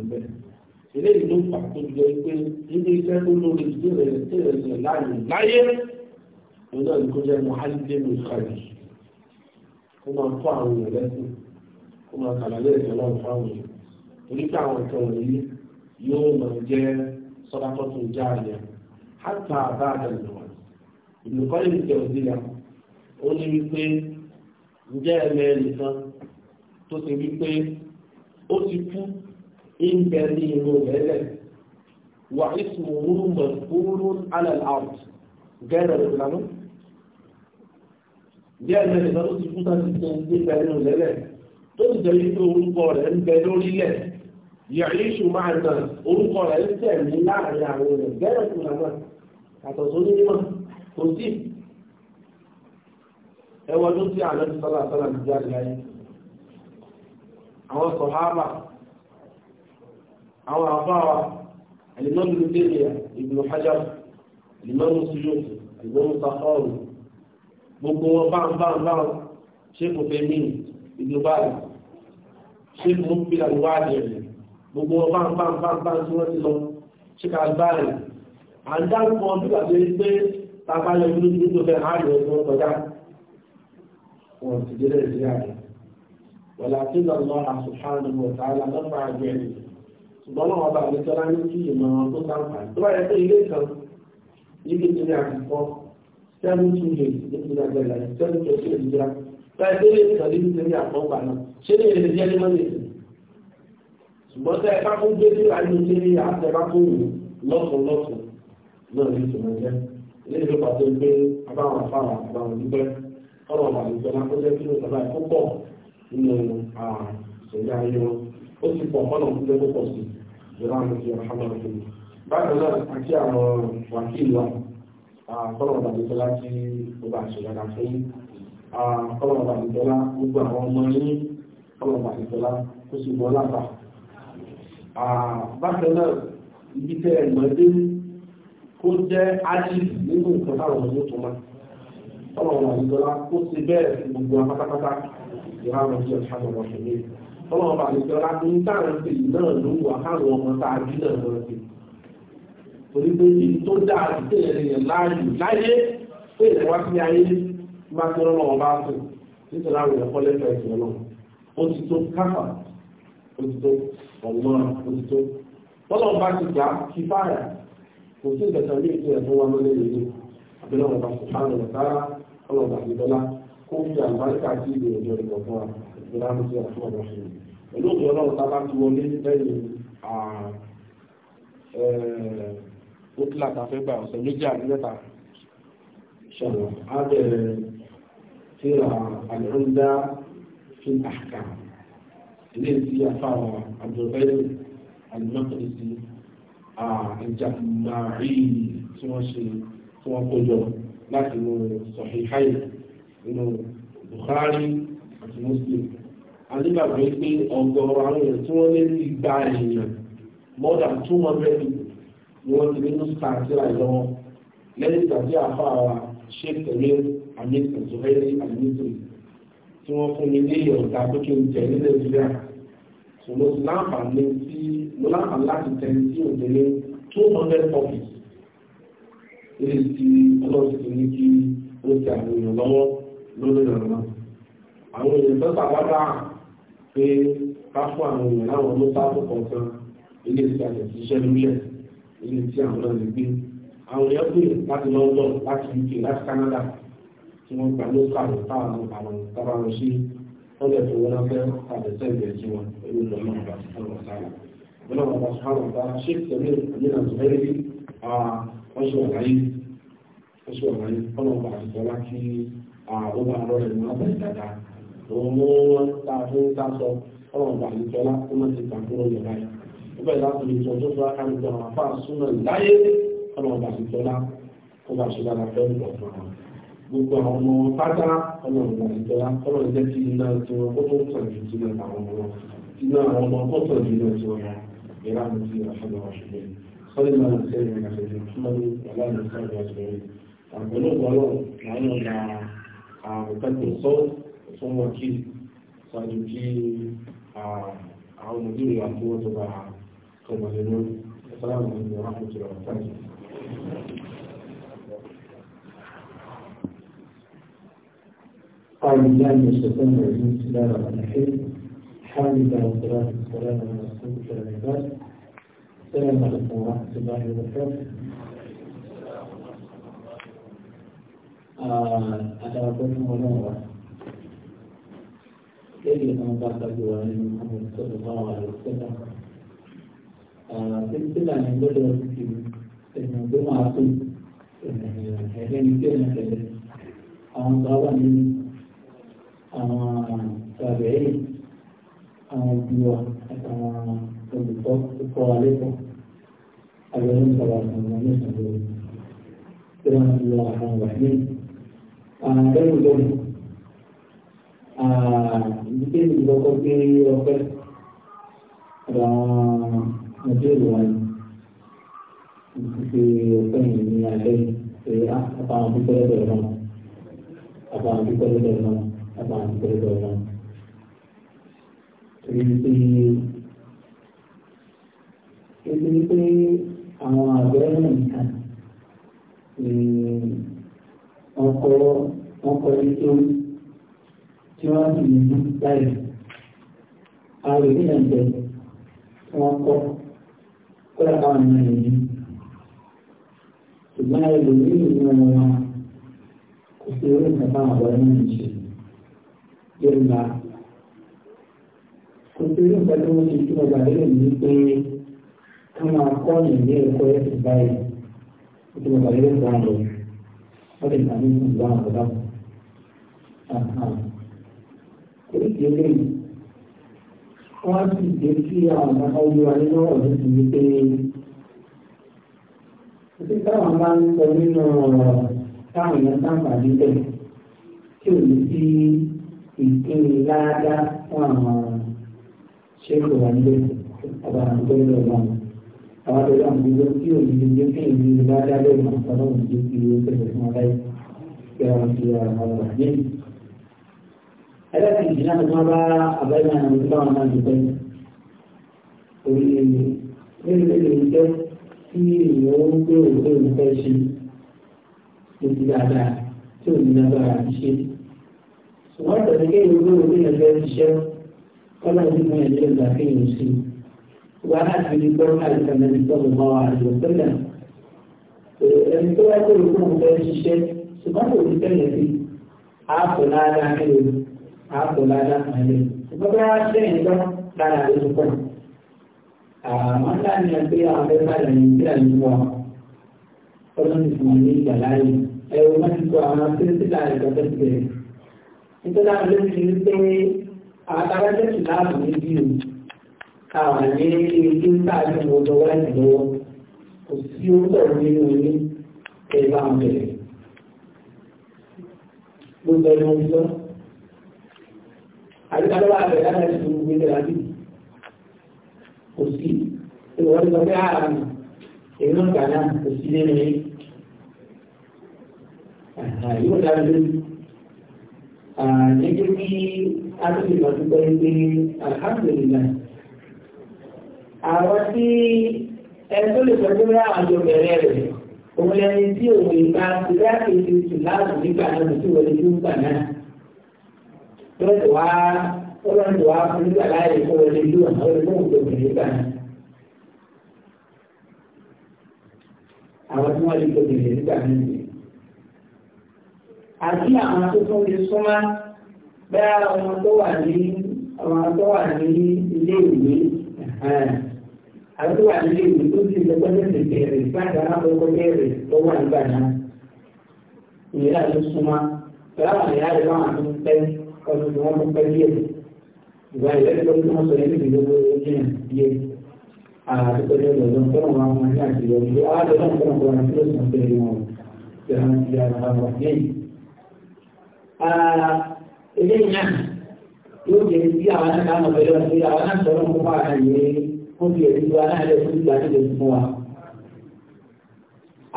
ń eléyìí ló fà tó jẹ pé nínú iṣẹ́ tó lórí ìdílé ìdílé rẹ̀ láàyè láyé lọ́dọ̀ ní kó jẹ́ mọ́hálídé mi kàlí kó máa kọ́ àwọn èèyàn lẹ́sìn kó máa kàlàyé ẹ̀sẹ̀ náà fáwọn èèyàn torí pé àwọn ìtàn wọ̀nyí yóò máa jẹ́ sọ́dátọ́ tó àyà hátà bá àdàlù ìlúkọ́ yìí tẹ̀ ó ní wípé ǹjẹ́ ẹ̀mẹ́ nìkan tó ti wípé ó ti kú إن كريم هلك واسمه مذكور على الأرض جاءنا بكلامه جاءنا بكلامه سيكون تنسيب كريم هلك تنسيب القرآن قالوا لله يعيش مع الناس ورقوا على الإنسان من الله يعملون الجنة كل ما حتى تظنوا لما تنزيل هو نزي على النبي صلى الله عليه وسلم قال يعني هو الصحابة àwọn àfáà alimami lùdẹ́lẹ̀ ibùdó hajar alimami suyuti alimami sakharu gbogbo wọn báńbáńbáń ṣéèkù fẹmi ibùdó báyìí ṣéèkù mọ́kúbílà ìwádìí rẹ̀ gbogbo wọn báńbáńbáń tí wọ́n ti lọ ṣéèkù albáyìí à ń dáhùn wọn bí wàá pé tábàlẹ̀ ìlú tó fẹ́ àárẹ̀ ọ̀gbọ́n kọjá wọn ti dé lẹ́yìn sí àárẹ̀ wọ́n láti lọ́wọ́ subhanahu wa ta'ala lọ́fà àjọ ẹ̀yìn ṣùgbọ́n ọba àlejọ́lá ní kí ìmọ̀ràn tó sáǹfààní ṣùgbọ́n tẹ́ ẹ fún gbé sí ní àtẹ fún wù lọ́sùn lọ́sùn náà ní ìtumọ̀ ilé ìlú pàṣẹ pé abáwọn afáwọn àbáwọn nígbẹ́ ọ̀rọ̀ àlejọ́lá tó jẹ́ kí ló sábà ẹ̀kọ́ nínú ìṣẹ̀lẹ̀ ó sì pọ̀ mọ́nà fún lẹ́gbẹ́ pọ̀ sí ìjọba àwọn ti ọ̀hánà ọ̀hún. bákan náà àti àwọn wákìlì wa kọ́lọ̀ ọ̀dàdìjọlá tí ó bá ṣe dáadáa fún yín kọ́lọ̀ ọ̀dàdìjọlá gbogbo àwọn ọmọ yín kọ́lọ̀ ọ̀dàdìjọlá ó sì bọ́ lápá. bákan náà ibi tẹ́ ẹ̀ mọ́ dé kó jẹ́ ájìlì nínú nǹkan táwọn ọmọ yóò tó máa kọ́lọ̀ ọ̀dàdìjọlá ó ti bẹ́ẹ̀ gbogbo apátápátá ìhàmọ̀ sí ọ̀ṣ ọlọ́run bá lè jọra ní táwọn ṣe yìí náà ló wà káwọn ọmọ tá a bí náà lọ sí torí pé èyí tó dáa ti tẹ̀ yẹn láàyè láyé pé ìrẹ̀ wá sí ayé máa tó lọ́wọ́ bá sùn nítorí àwọn èèyàn kọ́lé fẹ́ sí ọlọ́run ó ti tó káfà ó ti tó ọ̀gbọ́n ó ti tó ọlọ́run bá ti gbà kí fáyà kò sí ìgbẹ̀sán ní ìpínlẹ̀ tó wá lọ́lẹ́ yìí àbílẹ̀ ọ̀gbà sùn bá ti ìlànà tí a fún ọ̀rọ̀ fún mi pẹ̀lú òkè ọlọ́run tá a bá ti wọlé lẹ́yìn ó kí làtà fẹ́ gbà ọ̀sẹ̀ méjì àti mẹ́ta ṣọ̀rọ̀ á bẹ̀rẹ̀ síra àlùfáà fi àkà ilé tí a fà wà àjọ̀bẹ́rẹ́ àlùmọ́kìrìsì àjàmàrí tí wọ́n ṣe tí wọ́n kó láti mú sọ̀hìn háì nínú Bukhari àti muslim àdébàgbé pé ọ̀gọ̀ọ̀rọ̀ àwọn èèyàn tí wọ́n lé ní igba èèyàn more than two hundred people ni wọ́n ti nínú sàtìrà lọ́wọ́ lẹ́yìn tàbí àfa àwa sheikh tamir amir zuhairi alimitri tí wọ́n fún mi ní ìyọ̀ǹda pé kí n tẹ̀ ní nàìjíríà mo láǹfààní tí mo láǹfààní láti tẹ̀ sí òde ní two hundred copies ilé tí ọlọ́sìn ní kí ó ti àwọn èèyàn lọ́wọ́ lórí ọ̀rọ̀ àwọn èèyàn tó sàwádà pé ká àwọn èèyàn láwọn ló sáàbù kọ̀ọ̀kan ilé tí a lè ṣiṣẹ́ ilé tí àwọn náà lè gbé àwọn èèyàn pè láti London láti UK láti Canada tí wọ́n gbà ló sàbù táwọn àwọn tábà lọ sí wọ́n lè wọ́n fẹ́ tàbí sẹ́ẹ̀dì ẹ̀jẹ̀ wọn pẹ̀lú ìlọ́nà ọ̀gá sọ̀rọ̀ sáà ìlọ́nà ọ̀gá sọ̀rọ̀ ọ̀gá ṣé tẹ̀lé ìlú wọ́n ṣe àlàyé wọ́n ṣe àlàyé ọlọ́pàá àti ìjọba kí ó bá lọ́rẹ̀ ní wọ́n bẹ̀rẹ̀ dáadáa òun gbogbo àwọn ọmọ pátá ọlọ́run bá ní jọlá jẹ́ kí iná tí wọn kó tó tàn jù sílẹ̀ àwọn ọmọ wọn iná àwọn ọmọ kó tàn jù sí ìrànṣẹ́ lọ́wọ́ ṣùgbọ́n sọ́dọ̀ ìlànà fún wakil ṣáájú kí àwọn nàìjíríà tí wọ́n tó bá kọmọlẹ̀ lórí sáàmù ní ọ̀rọ̀ ìjọba tàbí قال الله الشيطان الرجيم بسم الله الرحمن الرحيم الحمد لله والصلاة والسلام على رسول الله السلام عليكم ورحمة الله وبركاته أتوقف آه، هنا lẹ́yìn àwọn bá tàbí wà nínú àwọn ìṣòro bá wà lọ sẹ́ta. Àtẹ̀sílà ni lọ́dọ̀ ti ẹ̀yìn tó máa tó ẹ̀lẹ́ni tí ẹ̀yìn tẹ̀lé. Àwọn tó wà nínú àwọn tàbí ẹ̀yìn, àwọn òbí wa àtàwọn olùkọ́ tó kọ́ wa lẹ́kọ̀ọ́. Àgbẹ̀rẹ̀ ń sọ̀rọ̀ àwọn ọmọ ní ìṣòro. Tí wọ́n ti lọ àwọn wà ní àwọn ẹ̀yìn lọ́dọ̀ ìdílé ìdílọ́kọ́ gbé ọpẹ́ ọ̀dọ̀ àwọn ọjọ́ ìlú wa yìí ìdílé ọpẹ́ yìí ní alẹ́ pé ah, apá àwọn pípẹ́ lọ́dọ̀ náà apá àwọn pípẹ́ lọ́dọ̀ náà apá àwọn pípẹ́ lọ́dọ̀ náà. torí pé nítorí pé àwọn àgbẹ̀ nìkan ni wọ́n kọ́ wọ́n kọ́ ní tó tí wọ́n sì ní mú láì àwọn ìdílé ń bẹ tí wọ́n kọ́ kó lè káwọn náà yẹn ní. ṣùgbọ́n ẹlòmíì nínú wọn kò sí orí ìtàkà àwọn ọ̀rẹ́ náà ń ṣe yorùbá kò sí orí ìtàkà wọn ṣe tí wọ́n gbà lérò ní pé ká máa kọ́ ìwé ẹ̀kọ́ ẹ̀sìn báyìí kó tí wọ́n gbà lérò fún àwọn ọ̀rẹ́ wọ́n lè gbà nínú ìgbà àwọn ọ̀dọ́ oríṣi eléyìí wọ́n sì dé sí àwọn ọlọ́wà nínú ọ̀dọ́ ti pé títí táwọn bá ń sọ nínú ọ̀rọ̀ táwọn èèyàn sáǹfààní bẹ̀ tí ò ní sí ìpínlẹ̀ láàdá fún àwọn ṣẹ́kù wà nílé ọba àgbẹ̀ lọ́wọ́ àwọn àgbẹ̀ àwọn tí ò ní jẹ́ kí láàdá lẹ́yìn àwọn ọlọ́run tó ti wọ́n tẹ̀lé fún aláìsí kí àwọn ti àwọn àgbà yẹn ẹlẹ́sìn náà tó bá àbẹ́yà ní báwọn náà ti bẹ́ẹ̀ orí ẹ̀yìn lórí ẹ̀yìn jẹ́ tí ìwọ ń gbé òkú ìfẹ́ ṣe lójú dáadáa tí ò ní lágbára ti ṣe. ṣùgbọ́n ìtọ́jú kí ìwọ gbé òkú ìfẹ́ ṣiṣẹ́ kọ́lá ìdí mọ́ ẹ̀jẹ̀ ìgbà kí ìwọ sí i. wà á ti rí gbọ́ àìsàn ẹni tó ń bá wa àjọ tẹ́lẹ̀. ẹni tó wá gbé òkú ìfẹ́ ṣiṣẹ́ ṣùgbọ́n kò ní tẹ́lẹ̀ sí àpò ládà àlè ìgbọ́dọ̀ wá ṣe ìjọ lára àlejò pọ̀ àmọ́ láàrin ẹgbẹ́ àwọn ẹgbẹ́ bá lẹ́yìn tí a lè wọ ọlọ́run ti wọ́n ní ìgbà láàyè ẹ̀rọ máa ń kó àwọn akérésì láàrin ìgbàgbọ́ ti bẹ̀rẹ̀ nítorí àwọn olóyún ti ń pé àtàwájẹ́sì láàbù ní bí o káwọn ní ilé sáájú ọjọ́ wáyé lọ́wọ́ kò sí orúkọ nínú ilé ẹ̀rọ àwọn bẹ̀rẹ̀ gbogbo ẹni ọjọ́ àdúgbò àbẹ̀ láti ṣe gbogbo ilẹ̀ àbí kò sí ìwọ́n lọ bí ara ah, mi èyí náà kà náà kò sí nínú yìí yóò dára lórí nítorí bí adúlé máa dúpẹ́ pé alhamdulillah àwọn tí ẹni tó lè sọ pé wọ́n àjọ bẹ̀rẹ̀ rẹ̀ òun lẹni tí òun ìgbà ti bá kéde sùn láàbù nígbà náà tó wọlé tó ń gbà náà yóò tó wá ọlọ́run tó wá fún nígbà láàyè kó o lè lóun àwọn olùkọ́ òkú òbí gbà ní. àwọn tí wọ́n lè tó bèrè nígbà níbi. àti àwọn tó lè súnmọ́ bẹ́ẹ̀ àwọn tó wà ní àwọn tó wà ní ilé ìwé àwọn tó wà ní ilé ìwé tó ti lọ gbọ́dọ̀ lè bèrè báyìí àwọn akọ́kọ́ bèrè tó wà nígbà náà. ìyá ló súnmọ́ pẹ̀lú àwọn ìyá rẹ̀ wọ́n àti ń pẹ́ ọdún tí wọ́n mú pẹ́ díẹ̀ ìgbà ìlẹ́gbẹ̀ẹ́ tó wọ́n sọ yẹn níbi gbogbo ẹgbẹ́ díẹ̀ àtúntò ní ọ̀dọ̀ tó wọ́n máa ní àtìlẹ́ ọdún àádọ́ náà tó wọ́n kọ́ ọ̀nà tó sàn tẹ̀lé wọn tẹ̀lé wọn ti ara wọn lẹ́yìn. eléyìí náà yóò jẹ́ bí àwọn náà náà mọ̀ pẹ̀lú ọ̀sẹ̀ àwọn náà sọ̀rọ̀ fún wa náà yẹ kó fi ẹ̀rí wa náà lẹ̀ fún ìgbà tó lè fún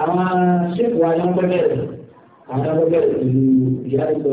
àwọn ṣèkù wa ni wọ́n bẹ̀rẹ̀ àwọn bẹ̀rẹ̀ pẹ̀lú ìyá ìgbà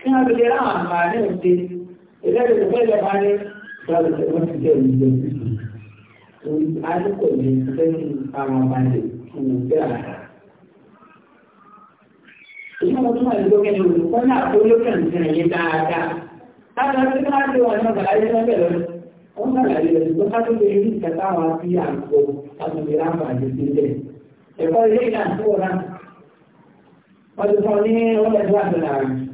kí wọ́n fi lè rán àǹfààní òde ìlẹ́rìí tó fẹ́ lẹ́ba ní ìgbàlódé tó wọ́n ti jẹ́ ìjọ torí adúgbò ní lẹ́yìn àwọn abalẹ̀ fún ìgbẹ́ àlá. Èyí mo tún àti lókè ní olùkọ́ náà tó lókè nìkan yé dáadáa. Láti ọdún tí wọ́n ti wà ní ọ̀gá ayé lọ́bẹ̀ lọ, wọ́n gbà láyé lọ ṣùgbọ́n ká tó lè rí nǹkan táwọn fi àgbo láti lè ráńpà àti sílẹ̀. Ẹ̀kọ́ ilé ìlànà tó wọ̀ náà. Wọ́n ti sọ ní ọlọ́dún àti làárín.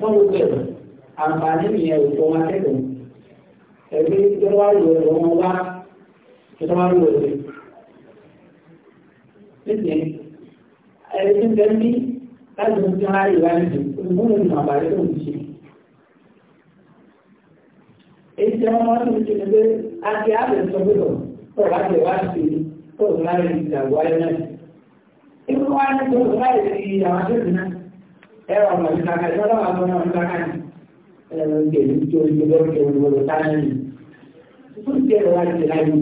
wọ́n ló bẹ̀rẹ̀ àǹfààní nìyẹn òkò wọn akẹ́kọ̀ọ́ ẹ̀bí tó wá lò ẹ̀rọ wọn wá tó wá lò ẹ̀rọ nísìnyí ẹ̀rí tó ń bẹ́ẹ̀ ní láti mú kí wọ́n á rí wá níbi ìmúlò ní àbáyé tó ń ṣe. èyí tí wọ́n máa ń ṣe ní pé a ti á bẹ̀rẹ̀ sọ́gbọ́dọ̀ tó wá lè wá sí tó wá lè ìjàgbọ́ ayé náà. ìmú wá tó wá lè fi àwọn náà ẹwà ọmọ àwọn ọmọ ìtaka ni ẹ̀rọ ìgbèlú tó ń gbé lọ́kẹ́ olùwọ̀lọ́ táyà ni ó ń jẹ́ ìwà ìjẹ́ láyé ni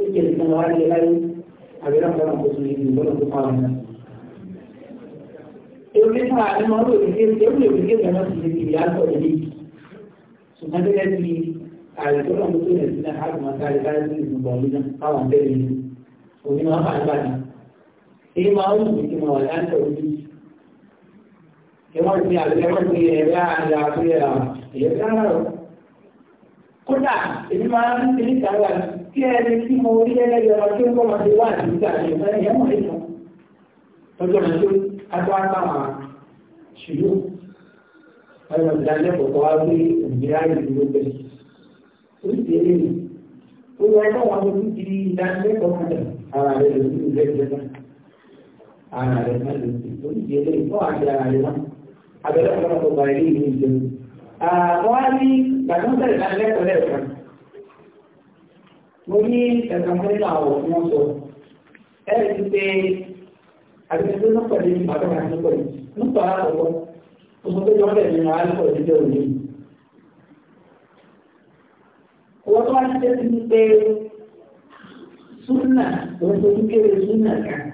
ó jẹ́ ìtọ́lá wà jẹ́ láyé àbẹ̀rẹ̀ ọ̀pọ̀ ọ̀pọ̀ tó yẹ ìgbòho tó pa ọ̀nà. Èmi fún àárín ọmọ olùdíje tí ó lè fi gé ìrànlọ́ sí ibi ìyàtọ̀ ìlú. Ṣùgbọ́n gẹ́gẹ́ bí ààrẹ tó lọ́mọ tó yẹ sílẹ̀ á máa kárí kárí sí ìgbìmọ̀ ọ̀lú náà fáwọn bẹ́ẹ̀ ni ẹwọ́n ti àlẹ́wọ́n ti ẹ̀rẹ́ àjà àpẹẹrẹ ẹ̀rẹ́ náà kódà èmi máa ń ṣe níta wà kí ẹni tí mo rí ẹlẹ́yẹ ọmọ tí ó kọ́ máa wá àti níta àti ìfẹ́ ẹ̀yẹ́ mọ̀ nípa lọ́jọ́ náà tó adó àtàwọn ṣùlù ọ̀rọ̀ ìdájọ́ kọ̀ọ̀kan wá pé òmìnira ìdúró bẹ́ẹ̀ ó sì ṣe eléyìí ó yẹ kó wọn lójú di ìdánilẹ́kọ̀ọ́ padà ara rẹ̀ lójú ìrẹ́jẹ náà ara rẹ̀ náà lójú ó sì ṣe eléyìí kọ́ àti ara rẹ̀ náà abẹ́rẹ́ ọ̀pọ̀lọpọ̀ tó bá ilé ìlú ìjẹun. Àwọn á ní gbàdúrà ìdánilẹ́kọ̀ọ́ lẹ́ẹ̀kan. Mo ní ẹ̀sán fún nínú àwọ̀ tí wọ́n sọ. Ẹ rí i pé àgbẹ̀dẹ́ ló pẹ̀lú ìpàdé àti nípa yìí. Nípa àkọ́kọ́, mo sọ pé jọ́ bẹ̀rẹ̀ nínú àlùkò ìdíjẹ́ òní. Wọ́n tó wá ti tẹ́sí ní pé súnà, òun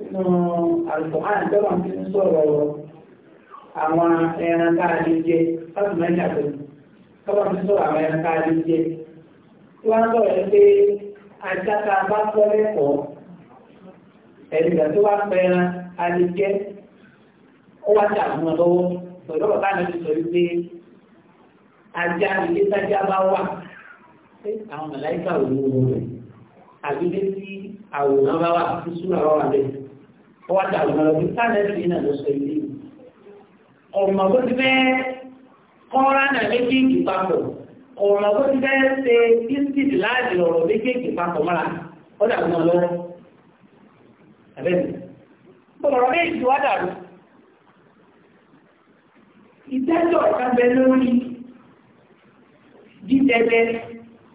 nínú àlùkòhán tọ́lá ti ń sọ̀rọ̀ àwọn ẹran káàdì jẹ láti mẹ́rin àtẹ̀lẹ̀ tọ́lá ti sọ̀rọ̀ àwọn ẹran káàdì jẹ tí wọ́n sọ̀rọ̀ ẹ pé ajáta bá tọ́ lẹ́kọ̀ọ́ ẹ̀dùnkà tó wá pẹran alẹ́jẹ́ ó wá sí àwọn lọ́wọ́ pẹ̀lú ọ̀tá náà ti sọ wípé ajá ilé sájá bá wà àwọn màláìkà òun rẹ̀ àbílẹ̀ sí àwòrán bá wà sí súrà wà wà bẹ́ẹ̀ ọwọ́ àti àwọn ọmọdé sáàlẹ́sì iná ló sọ ilé ọmọ tó ti fẹ́ kọ́ra náà méjèèjì papọ̀ ọmọ tó ti fẹ́ ṣe biscuit láàrin ọ̀rọ̀ méjèèjì papọ̀ mọ́ra ó dàbí wọn lọ́wọ́ àbẹ́ni ọ̀rọ̀ méjì wá dàrú ìtẹ́jọ́ ìkábẹ lórí jíjẹjẹ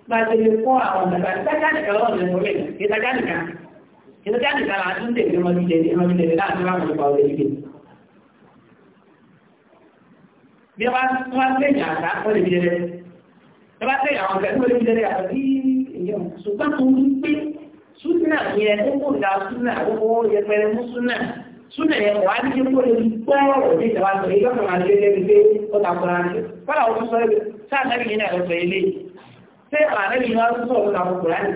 gbàgbé fún àwọn ọ̀nà ìtajà nìkan lọ́wọ́ ìrìnàmọ́lẹ̀ ìtajà nìkan Itu kan kita langsung di rumah jadi rumah jadi tak ada orang berpau jadi. Dia pas pas dia nyata boleh jadi. Lepas dia orang kan boleh jadi apa sih? Ya suka tumpi sunnah ya itu pun dah sunnah oh ya pada sunnah sunnah yang wajib dia boleh berpau jadi dalam mereka mengajar dia di kota Quran. Kalau orang saya saya lagi ini ada saya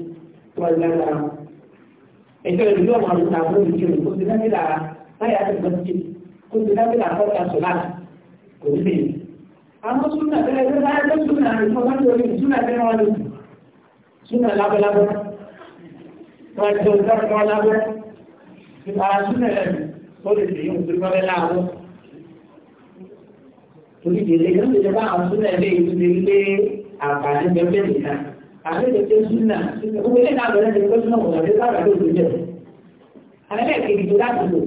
tó wáyé lára wọn. ẹjọ́ ìlú yóò máa ta àwọn olùkíni kó ti dábìlà láyé àtẹ̀gbọ́sí kó ti dábìlà kọ́ta sọ̀lá kò ní bèèrè. àwọn súnà tẹ́lẹ̀ tẹ́lẹ̀ láyé tó súnà àti ọmọ tó rí súnà tẹ́lẹ̀ wọn ni súnà lábẹ́lábẹ́ wọn ti tó sọ́rọ̀ wọn lábẹ́ ìpara súnà lẹ́nu tó lè dè yóò tó lọ́lẹ́ láàárọ̀. torí ìdílé yóò ti jẹ́ bá àwọn súnà ilé ìtúndé ilé àǹfààní bẹ́ẹ̀ bẹ́ẹ̀ nìkan àbẹ́lẹ̀kẹ́ súnà owó ilé náà bẹ̀rẹ̀ lè gbọ́dún náà wọ̀nyí sára ló lè jẹ́ àbẹ́lẹ̀kẹ́ ìdìbò láti lò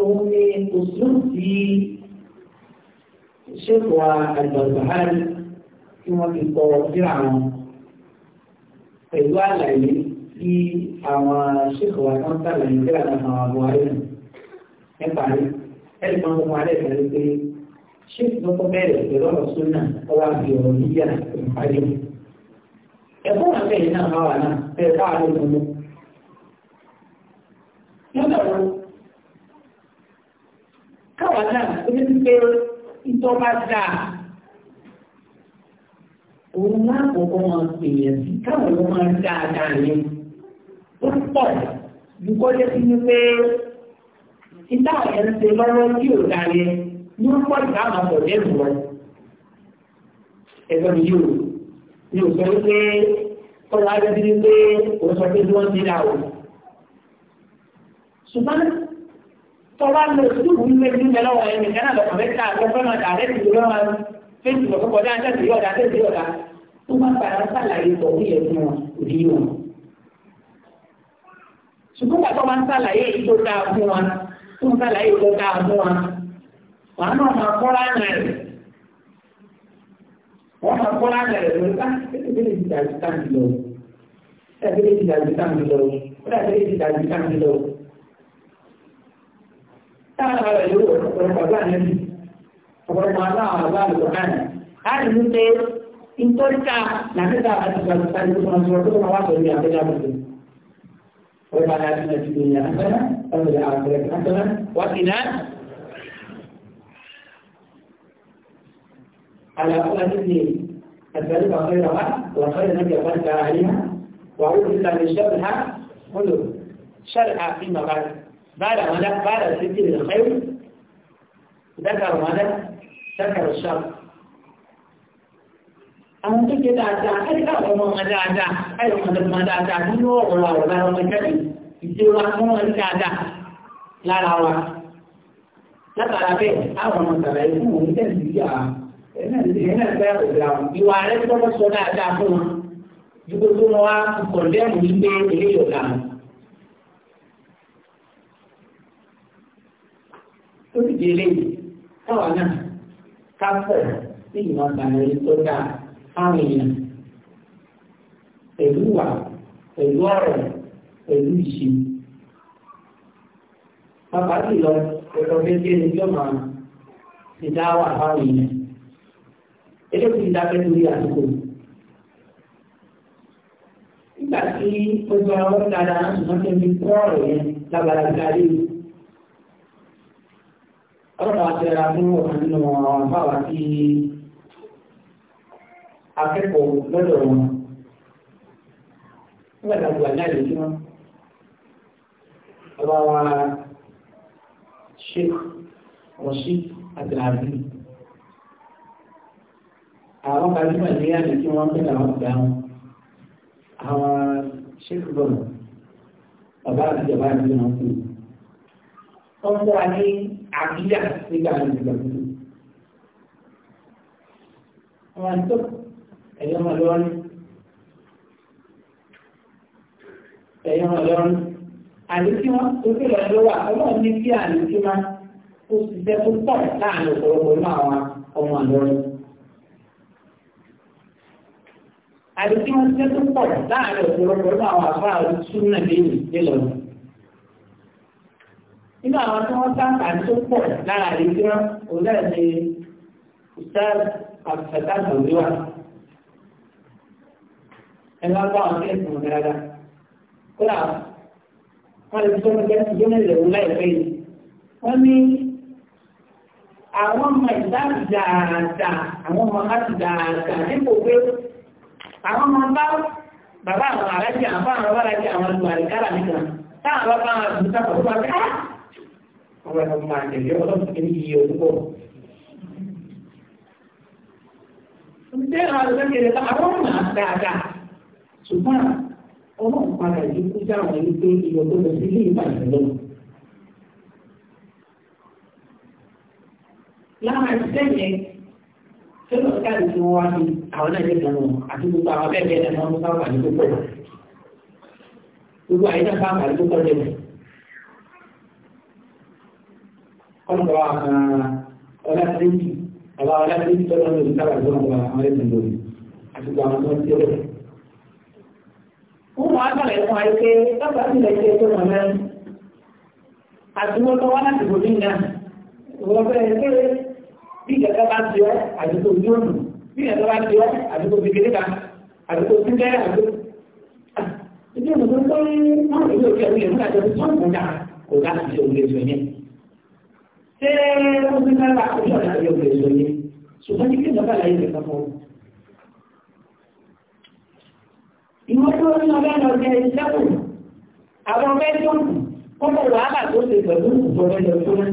òun ni òṣù tí ṣèkò àgbàgbàhárì tí wọ́n ti kọ́ síra wọn pẹ̀lú àlàyé tí àwọn ṣèkò àtọ́ńtàlàyé síra náà àwọn àbúrò nípa rẹ̀ ẹ̀ẹ́dì kan fún wa lẹ́sẹ̀ rẹ̀ pé ṣéèkì ló kọ́ bẹ̀rẹ̀ pẹ̀lú ọ̀rọ̀ ọwọ́ àti ọ̀rọ̀ yíyà ìpàdé. ẹ̀fọ́ wà bẹ́ẹ̀ náà bá wà náà bẹ́ẹ̀ bá a lè lọ́dọ̀ wo káwa náà ó ní pé ìtọ́ba dáa òun lákòókò máa pèèyàn sí káwọn ló máa dáadáa yẹn ó pọ̀ dùkọ́ jẹ́ sí ní pé ìtàwọn yẹn ń ṣe lọ́wọ́ tí ò dáa yẹn lórúkọ ìdáàmà pọ̀ lẹ́nu wọn. ẹ̀gbọ́n mi yóò mi ò sọ pé ọ̀rọ̀ ajẹ́bí ni pé òun sọ pé bí wọ́n ti dà o. ṣùgbọ́n tọ́wá lọ sí ìwú ilé ní lọ́wọ́ ẹni kan náà lọ́kàn mẹ́ta àgbẹ̀fẹ́ máa dà rẹ́ tìlú lọ́wọ́ fẹ́ǹtì lọ́kọ́ kọjá àtẹ̀sí ọ̀dà àtẹ̀sí ọ̀dà tó bá padà sàlàyé pọ̀ ní ẹ̀sìn wọn òdì wọ́n náà máa kọ́ lánàá rẹ̀ wọ́n máa kọ́ lánàá rẹ̀ lórí ká ah, ẹgbẹ́rẹ́ ti dàbí táǹkì lọ ẹgbẹ́rẹ́ ti dàbí táǹkì lọ ẹgbẹ́rẹ́ ti dàbí táǹkì lọ. táwọn ará ìlú ọ̀pọ̀lọpọ̀ àgbà nẹ́bí ọ̀pọ̀lọpọ̀ aláwọ̀ àgbà àlùkò náà á lè mú pé ìtọ́ríkà làbẹ́ta àti ìgbàlù táǹkì tó máa sọ̀rọ̀ tó máa wá sọ̀rọ̀ ìyàwó ìyàwó وما لا تنجدني أحسنا أو لآخرة أحسنا وقنا على أولى تبني الفريق خيرها وخير من يفرق عليها وأقول إلا من شرها قل شرها فيما بعد بعد ماذا بعد ستين الخير ذكر ماذا ذكر الشر أما تجي تأتى أي كأو ما أتى أتى أي ما أتى ما أتى نو ولا ولا ما كذي يجي ولا ما أتى أتى لا لا لا لا لا لا لا لا لا لا لا لا لا لا ìyẹn ìwà rẹ̀ tó sọ dáadáa fún wọn dúpẹ́ tó wọn wá kọ̀ndẹ́mù yìí pé èyí yóò dà mọ́. ó sì di eléyìí káwa náà ká pọ̀ sí ìwà ìbànújẹ́ tó dáa fáwọn èèyàn pẹ̀lú wà pẹ̀lú ọ̀rọ̀ pẹ̀lú ìṣe. pàápàá jùlọ ẹ̀rọ méjèèjì yóò máa ti dá wà fáwọn èèyàn eléyìí ti dákẹ́ lórí àdúgbò. nígbà tí gbogbo àwọn ọ̀dàdà wọn ti fi kọ́ ọ̀rọ̀ yẹn lábala ìdarí ọlọ́pàá ti ra fún ọ̀kan nínú àwọn báwa tí akẹ́kọ̀ọ́ lọ́dọ̀ wọn nígbà tí a gbà náà lè wọn. ọba wa sheikh rashid abdulhamid àwọn gbajúmọ̀ ní àmì tí wọ́n ń pèsè àwọn ọ̀gá wọn àwọn ṣéèkì bọ̀nà bàbá àti bàbá àti bàbá àti wọ́n fún wa ní àbíyà nígbà àti ìgbà tuntun. àwọn àti tó ẹ̀yọ́ wọn lọ́wọ́ ní ẹ̀yọ́ wọn lọ́wọ́ ní àti tí wọ́n tó kéde ọ̀dọ́ wa ọlọ́run ní kí àmì tí wọ́n ó sì jẹ́ pọ̀ láàrin ọ̀pọ̀lọpọ̀ náà àwọn ọmọ àlọ́rin. àti wọn tẹ́ tó pọ̀ láàrin ọ̀pọ̀lọpọ̀ ní àwọn àfáà orí súnà lẹ́yìn nílọ. nínú àwọn tí wọ́n sáàkà tó pọ̀ lára àdéjọ́ òlẹ́ẹ̀dẹ́ ustaz àbùsàtà gbòdúwà ẹ̀rọ bá wọn tẹ́ sùn dáadáa. kódà wọ́n lè tó ní bẹ́ẹ̀ tó ní ìlẹ̀wò láìpẹ́ yìí. wọ́n ní àwọn ọmọ ìdáàbò dáadáa àwọn ọmọ láti dáadáa nípò pé àwọn ọmọ bá bàbá àwọn alájì àwọn bá àwọn alájì àwọn àlùkárà nìkan táwọn bá bá àwọn àdúgbò tó bá bá ọmọ ẹ̀rọ máa tẹ̀lé ọlọ́run tó ní iye orúkọ. Ṣé àwọn àdúgbò kéré bá àwọn ọmọ dáadáa ṣùgbọ́n ọmọ ìpadà yìí kú sáwọn ẹni pé ìyọ̀ tó lọ sí ilé ìbàdàn lọ. Láwọn àti tí ó káàdì tí wọ́n wá sí àwọn náà lè dànù àti gbogbo àwọn bẹ́ẹ̀ bẹ́ẹ̀ náà wọ́n sábà ní púpọ̀ gbogbo àyè náà sábà ní púpọ̀ lẹ́nu ọ̀dọ̀ ọ̀làdéjì ọ̀là ọ̀làdéjì tó lọ́dún ní sábà lọ́wọ́ àwọn ẹ̀sìn lórí àti àwọn tó ń tẹ́lẹ̀ wọ́n wá sọ̀rọ̀ ẹ̀fọn àyíké lọ́pàá sì lẹ́yìn tó wọ́n mẹ́rin àti tó wá láti bí ìjọba bá ti ọ́ àdúgbò ní òdù bí ìjọba bá ti ọ́ àdúgbò ti kéde kan àdúgbò ti kẹ́ àdúgbò. ìdí òdù tó ń pẹ́ máa ń lò kí ẹ̀rù yẹn nígbà tó ń tún kò dà kò dà sí òun lè sọ yẹn. ṣé ó ti fẹ́ bá òun ọ̀dà yóò lè sọ yẹn ṣùgbọ́n ní kí ìjọba láyé lè kọ́ ìmọ̀tò ní ọ̀gá ní ọ̀gá ìṣẹ́kù àwọn ọ̀gá ìṣẹ́kù kọ́kọ́ wàhálà tó ṣe pẹ̀lú ìjọba ìjọba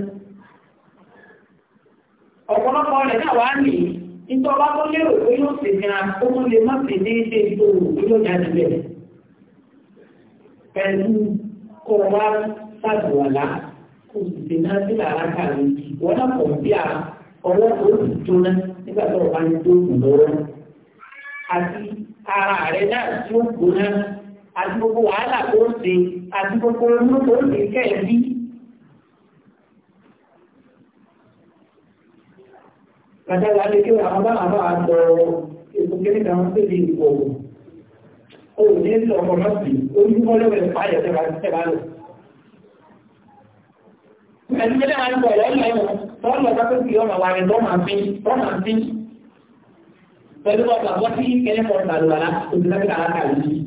ọ̀pọ̀lọpọ̀ rẹ̀ náà wá nì nítorí ọba tó lérò pé yóò sì ní àkókò lè má sì ní ilé ìtò yóò jáde pẹ̀lú kó wá sàdùwàlá kó sì ti náà sí làrá kàrí wọn náà bí a ọwọ́ kò sì jóná nígbà tó ọba ń tó kù lọ́wọ́ àti ara rẹ̀ náà tí ó gbóná àti gbogbo wàhálà tó ń ṣe àti gbogbo olóko ó ṣe kẹ́ẹ̀ bí Kàtàlá lè kí àwọn bá àbá àtọ̀ ìpòkéré kan tó di ìpò ògùn. Ó ní ìlú ọkọ̀ mọ́sí, ó ní sekarang lọ́wọ́ ada. tẹ́bà lọ. Ẹni orang máa ń bọ̀ lọ́nà ẹ̀wọ̀n, orang bá tó fi ọ̀nà wà rẹ̀ lọ́mà ń pín, lọ́mà ń pín. Pẹ̀lú ọ̀pọ̀ àwọn tí kẹ́lẹ́ fọ́ ìtàlùwàlá, òjìlá kí àlákàlì yìí.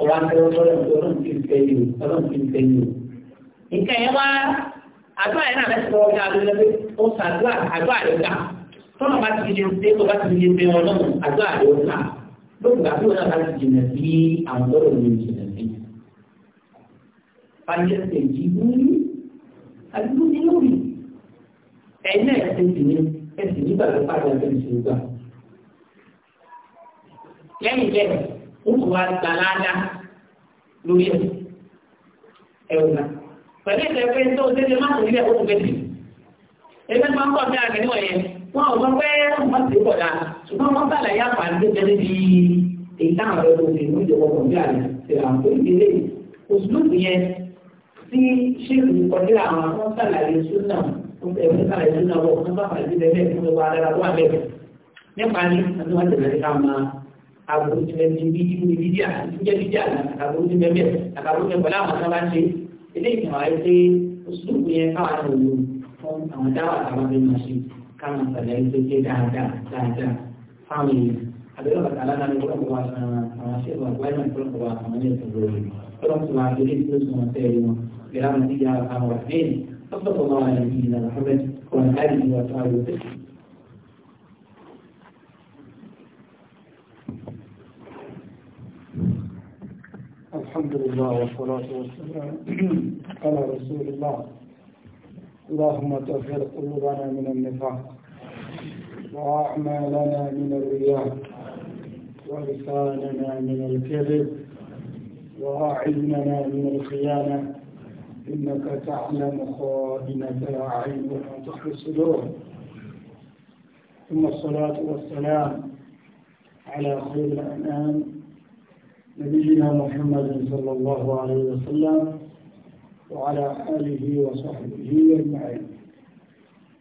Ọwọ́ akẹ́wọ́ tọ́lọ̀ àdúrà yẹn náà fẹ́ sọ ọjà àdúrà pé ó ń sàdúrà àdúrà rẹ̀ gbà tọ́nà bá ti di pé tó bá ti di pé wọn náà àdúrà rẹ̀ ó gbà lókùn àti wọn náà bá ti jìnà sí àwọn lọ́rọ̀ mi jìnà sí. Fáyé ṣe jí wúlú àdúgbò ní lórí. Ẹ̀yin náà ẹ̀sìn sì ní ẹ̀sìn nígbà tó bá dàgbà ìṣòro gbà. Lẹ́yìn bẹ́ẹ̀, ó kò wá gbà ládàá ẹ̀wọ̀n pẹ̀lú ìṣẹ́ pé tó ṣe lè máa tòlí ẹ̀kọ́ tó bẹ̀rẹ̀ ẹgbẹ́ máa ń pọ̀ sí àgbẹ̀ níwọ̀n yẹn wọn ò sọ pé wọ́n ti pọ̀ dà ṣùgbọ́n wọ́n sàlàyé àpàdé tó bẹ̀rẹ̀ bí èyí táwọn ọ̀rẹ́ tó ṣe ìwé ìjọba ọ̀gbìn àlè ṣe àwọn oríṣiríṣi òṣùlùmí yẹn tí ṣéèkì kọjú àwọn wọ́n sàlàyé súnà ẹ̀fẹ́ sàlàyé súnà wọ̀ wọ́n bá pàdé bẹ́ẹ̀ fún ẹwà adára wà bẹ́ẹ̀ nípa ní àti wọ́n tẹ̀lé ká máa àbúrò tẹ̀lé bíbí bíbí àti jẹ́ bíbí àti àbúrò tẹ̀lé bẹ́ẹ̀ àbúrò tẹ̀lé pẹ̀lú àwọn sábà ṣe ilé ìtàwá yìí pé òṣùlùkù yẹn káwọn òun fún àwọn dáwà táwọn fi máa ṣe káwọn àtàlẹ́ yìí tó jẹ́ dáadáa dáadáa fáwọn èèyàn àbẹ̀wò bàtà alágbàdo kọ́lọ́kọ́ wa àwọn aṣẹ́wà gbáyà kọ́lọ́kọ́ wa àwọn ilé ìtòkòrò yìí kọ́lọ́kọ́ wa àgbélé tó sùn wọn tẹ́lẹ̀ wọn bẹ̀rẹ̀ àwọn ìdíyà àwọn àgbẹ̀yìn الحمد لله والصلاة والسلام على رسول الله اللهم تغفر قلوبنا من النفاق وأعمالنا من الرياء ولساننا من الكذب وأعيننا من الخيانة إنك تعلم خائنة الأعين وتخفي الصدور ثم الصلاة والسلام على خير الأنام نبينا محمد صلى الله عليه وسلم وعلى آله وصحبه أجمعين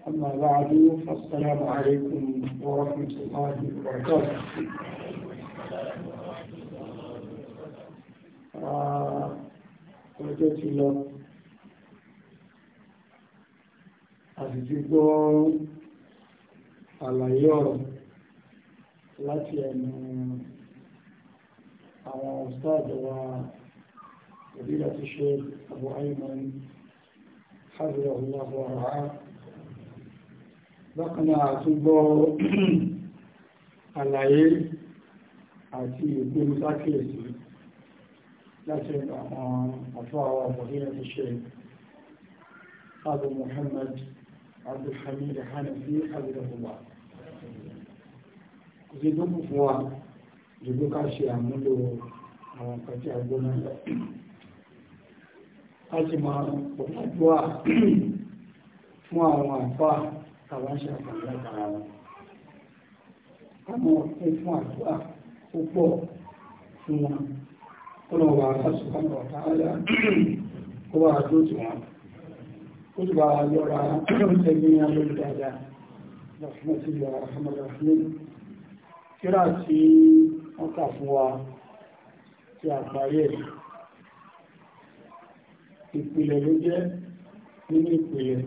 أما بعد فالسلام عليكم ورحمة الله وبركاته ọjọ́ ti lọ àti على أستاذ وقبيلة الشيخ أبو أيمن حفظه الله ورعاه بقنا تبو الليل أتي يكون لكن أطلع الشيخ أبو محمد عبد الحميد حنفي حفظه الله زيدوكم فواه dùgbò ká ṣe àmúlò àwọn a ká sì máa pọ̀ fún àwọn àfa àwọn ṣàkàlà látara wọn. ká máa kún fún àdúrà púpọ̀ fún wọn kó lọ wà á sùkánù ọ̀tá áyá kó wà á dóòtù wọn. ó sì bá yọra ẹgbẹ́ yẹn lórí dáadáa. tíra tí wọ́n kà fún wa tí a parí ẹ̀ ìpìlẹ̀ ló jẹ́ nínú ìpìlẹ̀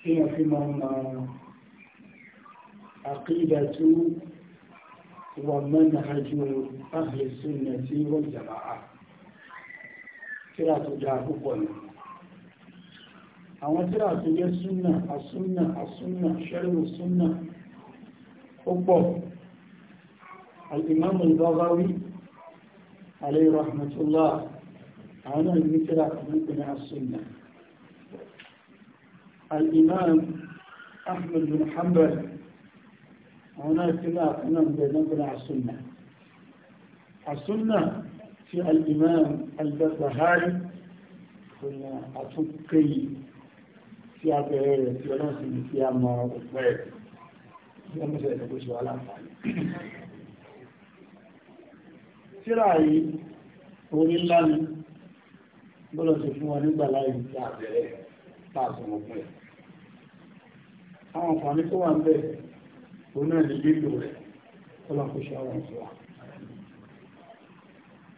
tí wọ́n fi máa ma àkídàtú wà manhaju ahli sunnati wal jamaa'ah tíra tó dáa púpọ̀ ni àwọn tíra tó jẹ́ súnà àsúnà àsúnà ṣẹ́rù súnà ó pọ̀ الإمام البغوي عليه رحمة الله عن المثل من السنة الإمام أحمد بن حنبل هنا خلاف بين على السنة السنة في الإمام البغوي كنا أتوكي في أبيه في ناس في أمه في في أمه في tíra yìí orí ńlá ni bọ́lọ̀ sí fún wa nígbà láyé ìta àbẹ̀rẹ̀ láàsùnmọ̀ pẹ̀. àwọn àǹfààní tó wà ń bẹ̀ òun lílò rẹ̀ bọ́lọ̀ kò ṣe àwọn ìṣòwà.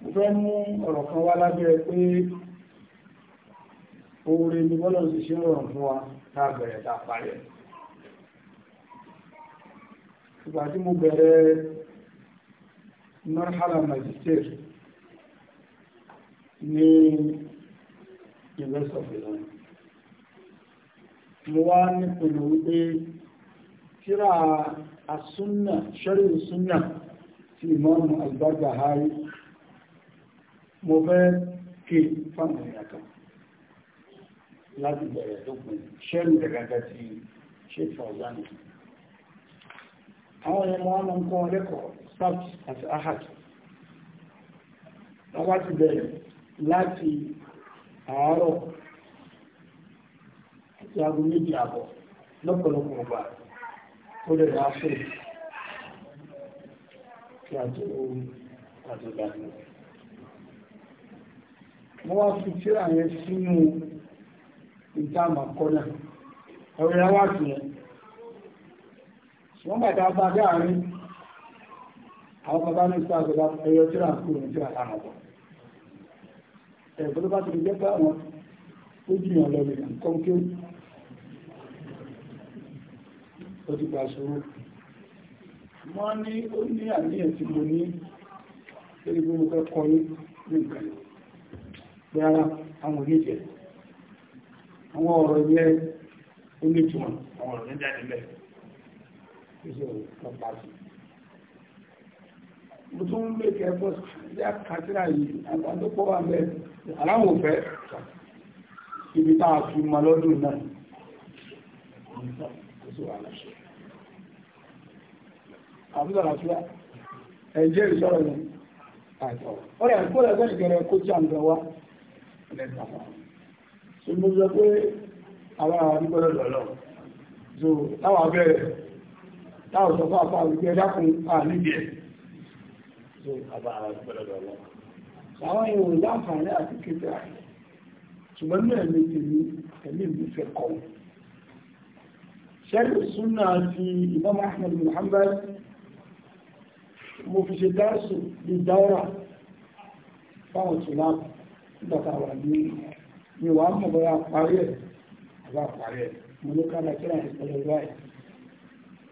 mo fẹ́ mú ọ̀rọ̀ kan wá lábẹ́ pé oore ni bọ́lọ̀ sí ṣe rọrùn fún wa tá a bẹ̀rẹ̀ tá a parí ẹ̀. ìgbà tí mo bẹ̀rẹ̀ marhala magister ní university of Iran mo wá nípinnu wípé tíra asúnà ṣẹ́rìn súnà ti Imam al-Barbahari mo fẹ́ ké fáwọn ìyàkà láti bẹ̀rẹ̀ tó pin ṣẹ́rìn gẹ́gẹ́ ti ṣe fọ̀ọ́lánìí àwọn yẹn mọ́ ọmọ nǹkan ọlẹ́kọ̀ọ́ south àti ahad wọ́n wá ti bẹ̀rẹ̀ láti àárọ̀ àti aago méjì àbọ̀ lọ́pọ̀lọpọ̀ ọgbà ó lè rà fún kí a tó àtọ̀gbà wọ́n wá fi tíra yẹn sínú ìta wọ́n bàtà bá dáàrin àwọn bàbá ní ìsọ àgbàlá ẹyọ tíra kú ní bọ̀ ẹ̀bùn bá ti jẹ́ pé àwọn ó jìyàn nǹkan kí ó ti iṣẹ́ òun kan pa sí. mo tún ń lè kẹ́kọ̀ọ́ sí àkàtìrà yìí àwọn tó pọ̀ wà bẹ́ẹ̀ aláwọ̀ fẹ́ ibi tá a fi mọ lọ́dún náà kò sí wàhálà ṣe. àbúrò àlàáfíà ẹ̀jẹ̀ ìṣọ́rọ̀ yẹn àìsàn ọ̀rẹ́ àkókò ẹgbẹ́ ìgbẹ́rẹ́ kó tí a ń bẹ̀ lẹ́gbàá táwọn sọ fún àpá òjò ẹ̀dákun àníbi ẹ̀ àwọn èèyàn láǹfààní àti kéde àyè ṣùgbọ́n ní ẹ̀mí tèmi ẹ̀mí mi fẹ́ kọ́ ṣẹ́rì súnà àti Imam Ahmad bin Hanbal mo fi ṣe dáṣù ní dáwọ́rà fáwọn tùláàbù nígbàtà wà ní mi wàá mọ̀ bọ́yá parí ẹ̀ àbá parí ẹ̀ mo ní ká nàìjíríà ìpínlẹ̀ rẹ̀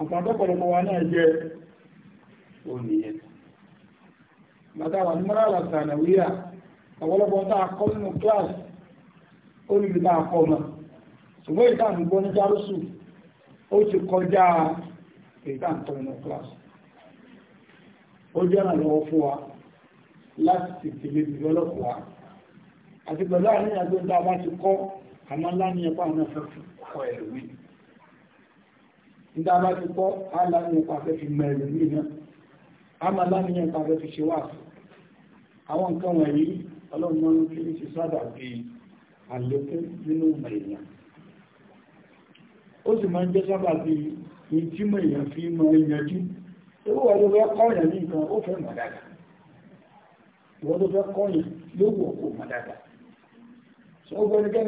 àǹfààní tọ́pọ̀lọpọ̀ wa náà jẹ́ òníyẹn bàtà wà ní mọ́rànlá sànàwíyà ọ̀pọ̀lọpọ̀ tá a kọ́ nínú kíláàsì ó níbi tá a kọ́ ọmọ ṣùgbọ́n ìta ń gbọ́ ní járúsù ó ti kọjá ìta ń tọ́ nínú kíláàsì ó jẹ́ ìrànlọ́wọ́ fún wa láti tètè ìdílọ́lọ́pọ̀ wa àti pẹ̀lú àníyàn tó dá a bá ti kọ́ àmọ́ láníyàn pàmò fẹ́ kọ́ ẹ̀rù mi nígbà bá ti kọ́ aláàmì pàfẹ́ fi mọ ẹ̀rù mí náà a máa láàmì yẹn pàfẹ́ fi ṣe wà fún àwọn nǹkan wọ̀nyí ọlọ́run máa ń fi ní ṣe sábà bí àlékún nínú ìmọ̀ èèyàn ó sì máa ń jẹ́ sábà bí i tí mọ̀ èèyàn fi mọ̀ ìyànjú ewó wà ló fẹ́ kọ́yàn ní nǹkan ó fẹ́ mọ̀ dáadáa ìwọ́n tó fẹ́ kọ́yàn ló wù ọkọ̀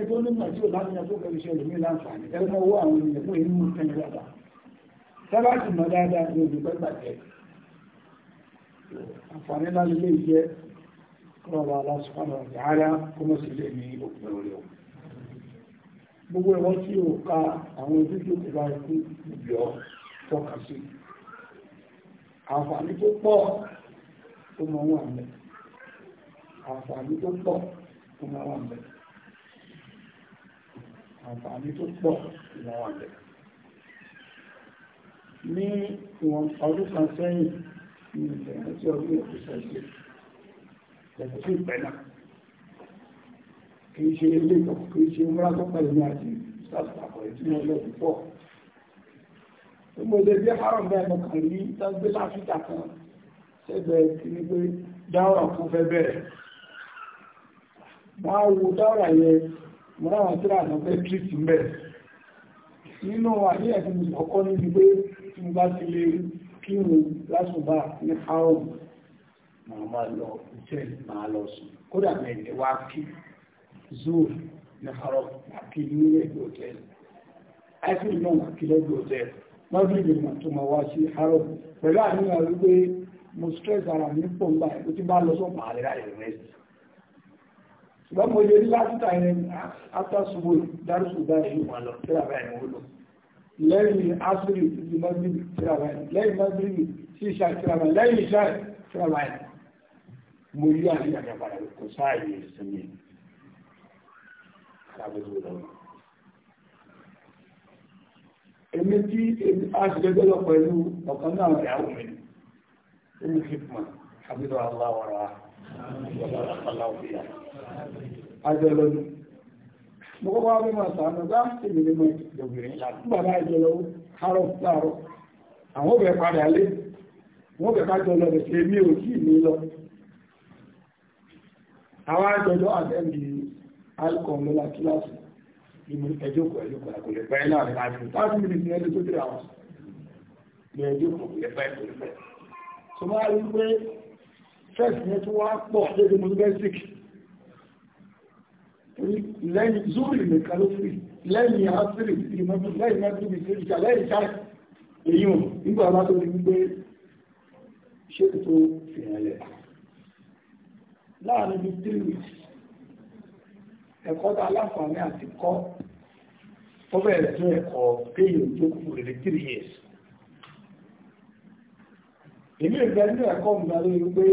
tó ní màtí ò láti yàn tó fẹ́ fi ṣe ẹlòmí láǹfààní ẹgbẹ́ owó àwọn ènìyàn fún èyí mú kẹ́yìn dáadáa sẹ́láàtì mọ̀ dáadáa ní ojú pẹ́pà jẹ́ láti lè jẹ́ kọ́ọ̀bà aláṣùpáà ọ̀gáàrá kó mọ̀ sí lè ní òpin orí o gbogbo ẹ̀wọ́n tí ó ka àwọn ojújú kò bá ikú ìbíọ́ tọ́ka sí àǹfààní tó pọ̀ tó mọ̀ wà mẹ́ àǹfààní tó pọ̀ tó mọ̀ wà mẹ́ àǹfààní tó pọ̀ tó mọ̀ wà mẹ́ ní ọdún kan sẹ́yìn ní ìgbẹ̀rún tí ọdún yóò fi sẹ́yìn sí ìpẹ́ kìí ṣe ilé ìtọ̀kù kìí ṣe múra tó pẹ̀lú ní àti ìsàtàkọ̀ tí wọ́n lọ púpọ̀ gbogbo ẹgbẹ́ haram bẹ́ẹ̀ mọ́ ní tágbé láfíkà tí mo bá ti lè kírun lásùbà ní haram màá máa lọ ìtẹ́ màá lọ sùn kódà mẹ́rin wá kí zoo ní haram àkí ní ẹgbẹ́ òtẹ́ẹ̀lì àìsí ìlú náà àkí lẹ́gbẹ́ òtẹ́ẹ̀lì mọ́bílì ìmọ̀ tó máa wá sí haram pẹ̀lú àníyàn wípé mo stress ara mi pọ̀ ń bá ẹ̀kú tí bá lọ sọ́pàá àrẹ́rà ìrẹ́sì ṣùgbọ́n mo lè rí látìta yẹn after school dárúsù báyìí wọn lọ sí àbáyé wọn lọ lẹ́yìn asiri títí mọ́gírì tíráwáì lẹ́yìn mọ́gírì sí ìṣà tíráwáì lẹ́yìn ìṣà tíráwáì mo yí àti àjàpàdà kò sáàyè ìsinmi àbójú lọ́wọ́. èmi tí aṣèjọjọ́ lọ pẹ̀lú ọ̀kan náà ìyàwó mi nínú hikman àbílọ̀ aláwọ̀ra àjọ lọ́dún mo wá bí máa sàánú bá tèmi nínú obìnrin láti bàbá kárọ̀ láàárọ̀ àwọn obìnrin padà lé wọ́n bẹ̀ kájọ lọ bẹ̀ ṣe mí ò kí ní lọ àwọn àjọjọ́ àtẹ́bí alcohol lọ́la láti mílì ní ẹni lẹ́yìn zúrì nìkan ló fìrì lẹ́yìn asírì ìmọ̀tò lẹ́yìn mẹ́tìrì ìṣẹ́jà lẹ́yìn ṣáì èyàn nígbà bá tó rí gbé ṣètò fìrẹ̀lẹ̀ láàrin bí three weeks ẹ̀kọ́ tá aláǹfààní àti kọ́ ó bẹ̀rẹ̀ tún ẹ̀kọ́ kéèyàn jókòó rẹ̀ three years èmi ìgbẹ́ nínú ẹ̀kọ́ mi gbà lórí pé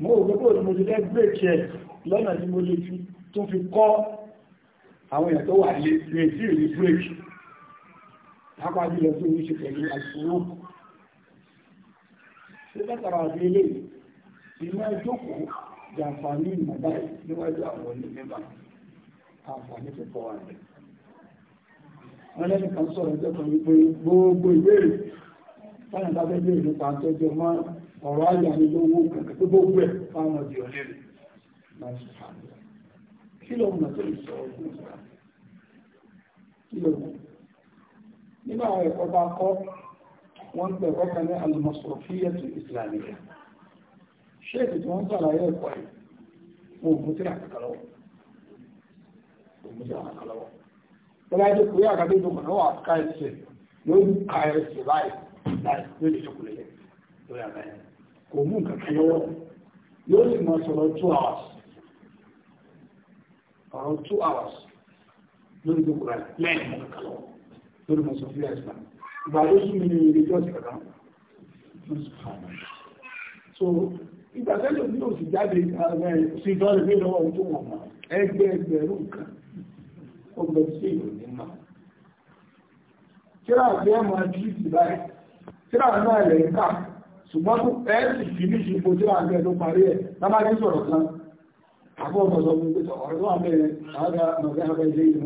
mo ò gbé bóòlù mo ti lẹ́ gbé ìṣẹ́ lọ́nà tí mo lè fi tó fi kọ́ àwọn èèyàn tó wà lè sí ìlú bírèkì pàápàá jùlọ tó ní ṣe pẹ̀lú àìsàn ṣe látara àdílé ìmọ̀ ìjókòó jàǹfààní ìmọ̀bá níwájú àwọn onímẹ́bà àǹfààní púpọ̀ wà rẹ̀ wọ́n kan sọ̀rọ̀ ẹjọ́ ọ̀rọ̀ ayà ní lówó kankan tó gbogbo ẹ̀ fáwọn ọdí ọ̀lẹ́rìí láì sùhánù kí ló mọ̀ tó lè sọ ọdún ìsìlá kí ló mọ̀ nínú àwọn ẹ̀kọ́ bá kọ́ wọ́n gbẹ̀ ẹ̀kọ́ kan ní alùmọ̀sọ̀rọ̀fíyẹ̀tù ìsìlámìyà ṣéèkì tí wọ́n sàlàyé ẹ̀kọ́ yìí fún ògùn tí àkàkàlọ́wọ́ ògùn tí àkàkàlọ́wọ́ tọ́lá around two hours lórí gbogbo rẹ̀ lẹ́yìn mọ́ kàlọ́ lórí mọ́ sọ fílẹ̀ ìsìlá ìgbà tó sún mi ní ilé jọ́sì kankan ló sì fà mọ́ so ìgbà tẹ́lẹ̀ mi ò sì jáde sí ìtọ́lẹ̀ mi lọ́wọ́ tó wọ̀n mọ́ ẹgbẹ́ ẹgbẹ̀rún kan ó gbẹ sí ìlú ní mọ́ kíra àti ẹ̀ máa ju ìsì báyìí kíra náà lẹ̀ ń kà ṣùgbọ́n ẹ̀ sì fi ní ìṣubú kíra àti ẹ̀ tó parí ẹ̀ lábàájú sọ̀rọ̀ kan ha na-aga na ga-eje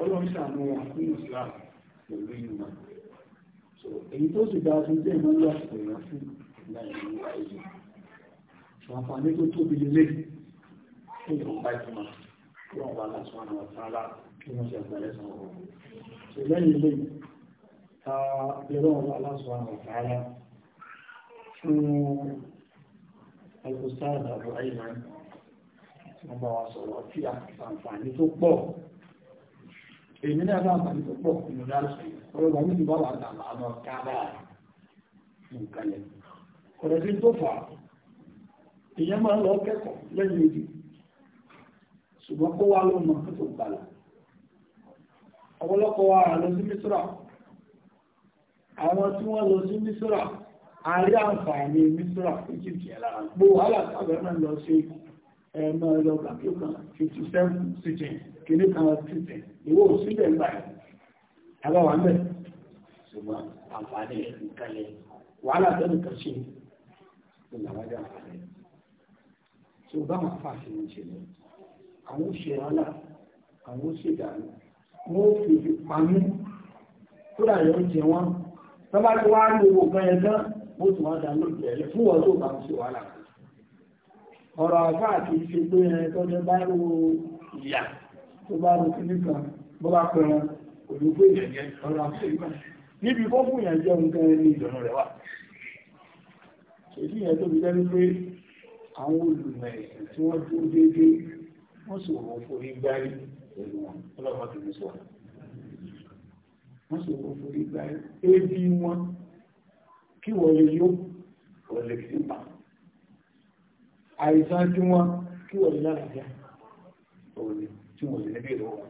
a pẹ̀lú ìmọ̀ so èyí tó sì dáa fún tẹ́ ìmọ̀ lọ àsìkò èèyàn fún láìní àìyí àǹfààní tó tóbi lélẹ̀ tó yọ ọ̀pá ìtumọ̀ tó wọ́n wà láti wọn àwọn ọ̀tánlá kí wọ́n ṣe àgbàlẹ̀ sàn ọ̀rọ̀ so lẹ́yìn ilé ta lẹ́rọ ọ̀rọ̀ aláṣọ àwọn ọ̀tánlá fún alùpùpù sáà àbúrò àìmọ̀ tí wọ́n bá wa sọ̀rọ̀ àti àǹfààní tó pọ̀ èmi náà bá àǹfààní tó pọ̀ nínú dáàsì ọ̀rọ̀ ìgbà méjì bá wà ní àwọn kábà nǹkan yẹn ọ̀rọ̀ tí tó fà èèyàn máa ń lọ kẹ́kọ̀ọ́ lẹ́yìn ìdí ṣùgbọ́n kó wá lọ́mọ tó gbàlà ọ̀pọ̀lọpọ̀ wa rà lọ sí mísírà àwọn tí wọ́n lọ sí mísírà a àǹfààní mísírà fún jìbìtì ẹ̀ lára gbó wàhálà tábẹ́ máa ń lọ sí ikú ẹ̀mọ ẹ̀rọ ṣùgbọ́n àǹfààní ìkàlẹ̀ wàhálà ṣe ìlàwájá àwọn òṣèré ọlá àwọn òṣèré dànù wọn ò fi pamú kódà yóò jẹ wọn tọ́ba tí wàá ní owó kan yẹn tán wọ́n tún wá fún wọn tó bá ń ṣe wàhálà kan ọ̀rọ̀ àgbà àti ṣe pé ẹ tọ́jọ́ bá rú ìyà tó bá rú sí nìkan bó bá pẹ̀rọ olùgbé ìyẹ̀jẹ́ ọ̀rọ̀ àti ìgbà níbi kó fún ìyẹ̀jẹ́ nǹkan ní ìdọ̀nà rẹ̀ wà èyí yẹn tó jẹ́ wípé àwọn olùmọ̀ tí wọ́n dúró déédéé wọ́n sì wọ́n forí gbárí pẹ̀lú wọn ọlọ́pàá tó fi sọ wọ́n sì wọ́n forí gbárí ebi wọn kí wọ́n lè yó wọ́n lè fi pa àìsàn tí wọ́n kí wọ́n lè lálàáfíà òní tí wọ́n lè lébè lọ́wọ́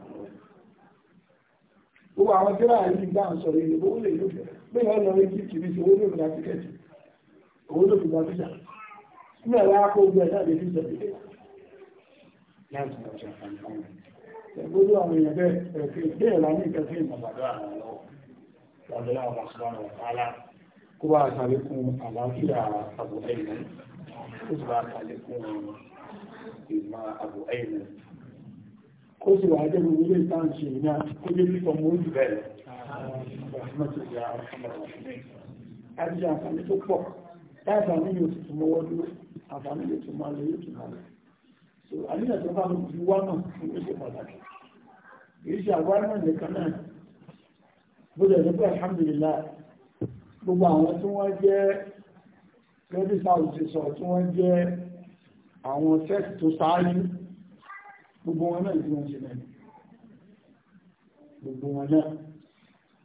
gbogbo àwọn tí wọ́n àìsí gbà ń sọ̀rọ̀ ìlú owó lè lófẹ́ bí wọ́n lọ rí jíìtì ní owó lè fún owó lè fún àtíkẹ́tì ẹ̀rọ ogun ẹ̀dá lè fi sọ̀rọ̀ láti àwọn èèyàn bẹ́ẹ̀ bẹ́ẹ̀ ní ó sì máa kalẹ̀ fún ìmọ̀ àbò ẹ̀yìn kó mú ìlú bẹ̀rẹ̀ àti àǹfààní tó pọ̀ táàbà yóò tuntun mọ́wọ́ dúró yóò tún máa lọ yóò tún máa so bá wá náà fún pàtàkì ṣe náà gẹ́gẹ́ sáwọ̀ ti sọ tí wọ́n jẹ́ àwọn sẹ́ẹ̀sì tó sáájú gbogbo wọn náà tí wọ́n ṣe náà gbogbo wọn náà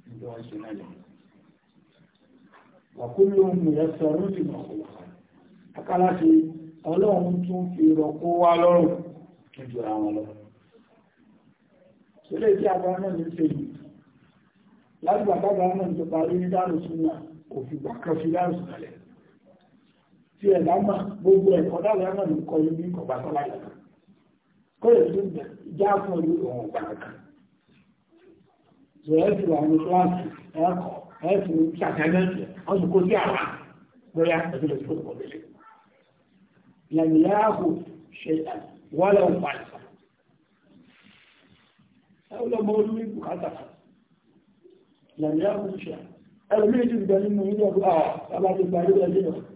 tí wọ́n ṣe náà wàkúlù mìíràn sọ̀rọ̀ ti mọ̀ kó akáláṣe ọlọ́run tún fi rọ̀kó wá lọ́rùn níjú àwọn lọ sílé tí agbára náà ní ṣe yìí láti bàbá agbára náà ti parí ní dárùsùn náà kò fi gbàkan fi dárùsùn náà lẹ́yìn tí ẹ̀ lámà gbogbo ẹ̀kọ́ dáadáa náà ló kọ ibi ọ̀gbà tó láyé kan kó lè tún já fún ìlú òun ọ̀gbà kan tó ẹ̀ fi wà ní kíláàsì ẹ̀kọ́ ẹ̀ fi ṣàtẹ́lẹ́sì ọ̀sùn kó sí àwa lóyá ẹ̀fí lè tó kọ̀ lélẹ̀ lẹ́yìn yáàbò ṣe wọ́lẹ̀ òun àìsàn ẹ̀ lọ́mọ orí bùkátà lẹ́yìn yáàbò ṣe ẹ̀rọ méjì ìgbà nínú ilé ọ̀gbà àbájọba ilé ẹ̀jẹ̀ náà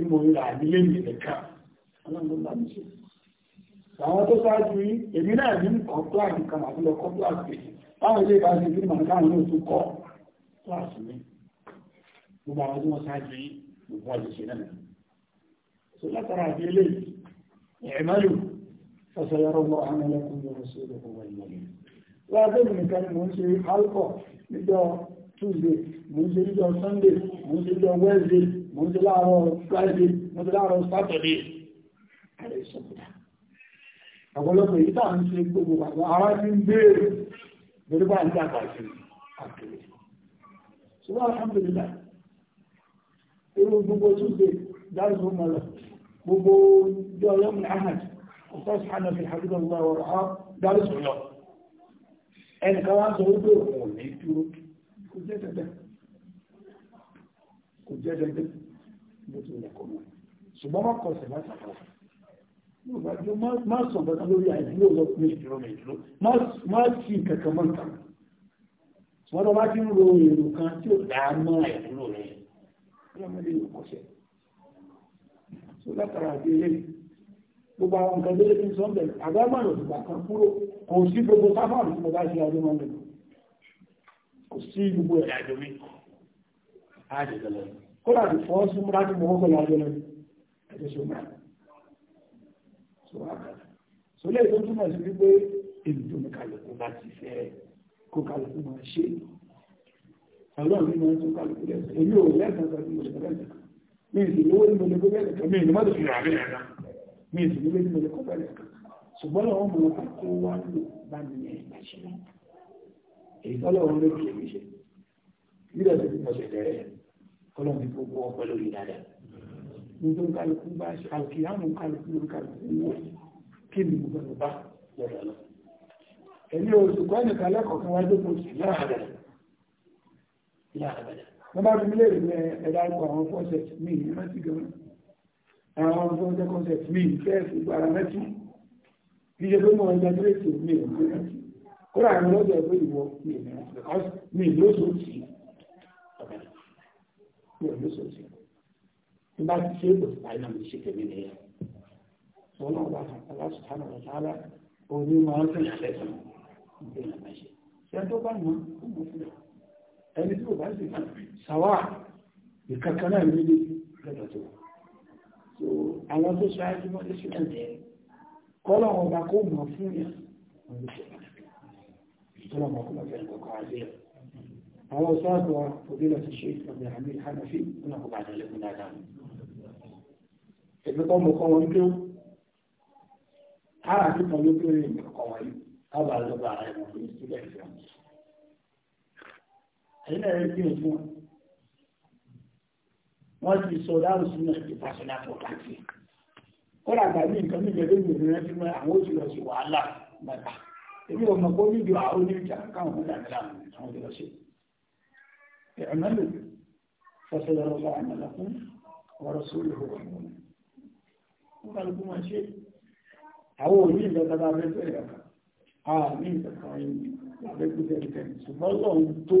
tí mo ń ra nílé mi nìkan ọlọ́run bá mi ṣe àwọn tó ṣáájú yìí èmi náà ní nǹkan pláàdì kan àti lọ kọ́ pláàdì kejì báwọn ilé ìbáṣe tí màá dáhùn náà tún kọ́ pláàdì mi gbogbo àwọn tí wọ́n ṣáájú yìí gbogbo ọ̀lẹ́ náà so látara àti eléyìí ẹ̀ẹ́mẹ́lù fẹsẹ̀yọrọ̀ lọ àwọn ẹlẹ́kùn yóò ṣe é lọ́wọ́ ni mo ń ṣe alcohol níjọ́ Tuesday mo ń ṣe níjọ́ Sunday mo mo ń ṣe láàárọ̀ friday mo ń ṣe láàárọ̀ saturday ààrẹ ìṣọ̀kúta ọ̀pọ̀lọpọ̀ èyí tàà ń ṣe gbogbo àwọn ará ní ń béèrè lórí bá ní àgbà sí àkèrè ṣùgbọ́n alhamdulillah irú gbogbo túnṣe dáàbò mọ̀lọ̀ gbogbo ọjọ́ yọmùn ahad ọ̀sán sàánà fi hàbíbà wà wọ̀rọ̀ á dáàbò lọ ẹnìkan wá ń sọ wípé òun ò ní dúró kò jẹ́ tẹ̀tẹ̀ kò jẹ́ dandan bó ti wọlé kọ́ mọ́ ṣùgbọ́n wọ́n kọ̀ sẹ̀lá sàkọ́ má sàn bàtà lórí àìdúró lọ pé ìdúró mi ìdúró má sì kankan mọ́ nǹkan wọ́n lọ bá ti ń ro èrò kan tí ò dá mọ́ àìdúró rẹ̀ ọlọ́mọdé yóò kọ́ṣẹ́ tó látara àti eléyìí gbogbo àwọn nǹkan tó lé ní sọ́ńdẹ̀ àgbàmọ̀ràn ìgbà kan kúrò kò sí gbogbo sáfàrù tí mo bá ṣe àjọmọ́ mi kò sí gbogbo ẹ̀ àjọmí àjẹjẹ lọ kódà bí fọ́ súnmọ́ra ní mọ́kọ́ lájọ lọ ẹjẹ súnmọ́ra tó wà bàtà tó lè tó túmọ̀ sí wípé èmi tó ní kálukú bá ti fẹ́ kó kálukú máa ṣe ọlọ́run ní wọn tó kálukú lẹ́sẹ̀ èmi ò lẹ́sẹ̀ kan ní mo lè bẹ́ẹ̀ nìkan mi ìsìn lówó ní mo lè kó bẹ́ẹ̀ nìkan mi ìnumọ́ tó fi rà bẹ́ẹ̀ nìkan mi ìsìn lówó ní mo lè kó bẹ́ẹ̀ nìkan ṣùgbọ́n lọ́wọ́ mo lọ́ka tó wá lò bá mi yẹn ìgbà ṣe èyí tọ́lọ́wọ́ ló kì í ṣe bí lọ́sẹ̀ tí mo ṣe tẹ̀rẹ̀ ọlọ́run ti gbogbo ọpẹ lórí dáadáa nítorí kálukú bá ṣe àkíyàmù kálukú lórí kálukú wò kí ni gbogbo bá lọ́dọ̀ lọ. ẹ̀mí oṣù kọ́ nìkan lẹ́kọ̀ọ́ kan wájú kò sí láàbẹ̀rẹ̀ láàbẹ̀rẹ̀ wọ́n bá fi lè rí ẹ̀dá ikọ̀ àwọn fọ́sẹ̀t mi ní rántí gan àwọn fọ́sẹ̀ kọ́sẹ̀t mi fẹ́ẹ̀sì gbára rántí ìṣe pé mo ọjà tó lè tó mi ò ní lọ́dọ̀ ẹgbẹ́ mi ò ní sòsì n bá ti ṣe é lòsì báyìí náà mi ṣe tèmi nìyẹn wọn náà wà fún aláṣọ táwọn ọ̀rọ̀ sáárá òní máa ń fún yàrá ẹ̀sán ìgbé yàrá ṣe ṣe tó bá mọ ó mọ fún yàrá ẹni tí kò bá sì kàn sàwà ìkankan náà ní lọ́dọ̀ tó so àwọn tó ṣáájú wọn lè ṣe tẹ̀lé kọ́lọ̀ wọn bá kó mọ̀ fún yàrá wọn lè ṣe tẹ̀lé kọ́lọ̀ wọn kó mọ̀ fẹ́ àwọn sáàtọ̀ fòbílẹ̀ ti ṣe ìpàdé àmì ìhànàfí ní àkókò àjẹ́lẹ́kùn dáadáa ẹ̀mí kọ́ mọ̀ kọ́ wọn tó ara àti kan ló kéré ìkọ̀kọ̀ wọn yìí kábà lọ́gbà ara ẹ̀mọ̀ ní sílẹ̀ ìfẹ́ wọn ẹ̀yìn ẹ̀rẹ́ bí o fún wọn ti sọ dáhùn sí náà ti pàṣẹ láti ọ̀gá sí ó rà gbà ní nǹkan ní ìgbẹ́lẹ́ ìgbẹ́lẹ́ rẹ fi mọ́ àwọn òṣì lọ sí wàhálà bàbá èmi ò mọ̀ pé ó nílò àwọn oníjà káwọn ọmọdé àgbẹ̀lá àwọn òṣì lọ sí i اعملوا فسيرى الله عملكم ورسوله يعلمون وقالوا ما شيء àwọn òní ìgbẹ́gbẹ́gbẹ́ abẹ́gbẹ́ ìrẹ̀kà ààrí ìgbẹ̀kan ẹni abẹ́gbẹ́ ìrẹ̀kà ṣùgbọ́n lọ́run tó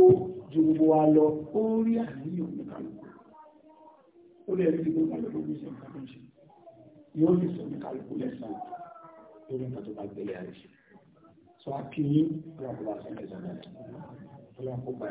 ju gbogbo wa lọ ó rí àníyàn ní kálukú ó lè rí gbogbo kálukú ní ìṣẹ̀ǹkà tó ń ṣe yóò lè sọ ní kálukú lẹ́sàn-án lórí nǹkan tó bá gbélé ayé ṣe sọ akínyín ọlọ́pàá sọ́kẹ́sọ̀ náà ọlọ́pàá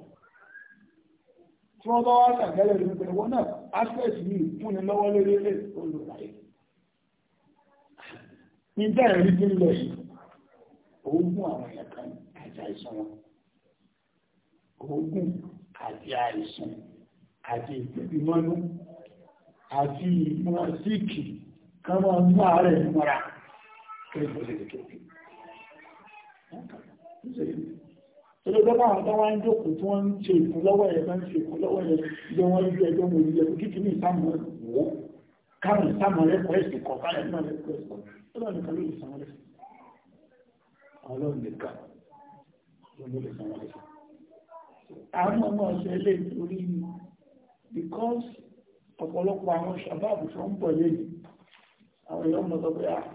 tí wọ́n bá wá ṣàgbẹ́lẹ̀ rẹ̀ nípa ìwọ náà aspect yìí fún ni lọ́wọ́ lórí ilé olùráyè ní bẹ́ẹ̀ rí bí lọ yìí oògùn àwọn èèyàn kan àti àìsàn wọn oògùn àti àìsàn àti ìmọ̀nú àti ìmọ̀ kan máa ń mú ààrẹ ìmọ̀ra kí tẹ́lẹ̀gbẹ́ bá àwọn tánwà ń jòkó tí wọ́n ń ṣe ìfúnlọ́wọ́ ẹ̀ bá ń ṣe ìfúnlọ́wọ́ ẹ̀ jẹ́ wọ́n ju ẹjọ́ mọ̀ ìyẹ̀ kò kíkì ní ìsámọ̀ wò káwọn ìsámọ̀ lẹ́kọ̀ọ́ ẹ̀sìn kọ̀ káyọ̀ náà lẹ́kọ̀ọ́ ẹ̀sìn ọlọ́run nìkan ló lè sanwó lẹ́sìn ọlọ́run nìkan ló lè sanwó lẹ́sìn. àwọn ọmọ ọ̀sẹ̀ lè torí because ọ̀pọ̀lọpọ̀ àwọn ṣàbáàbù tó ń bọ̀ lẹ́yìn àwọn èèyàn mọ̀ sọ pé ah,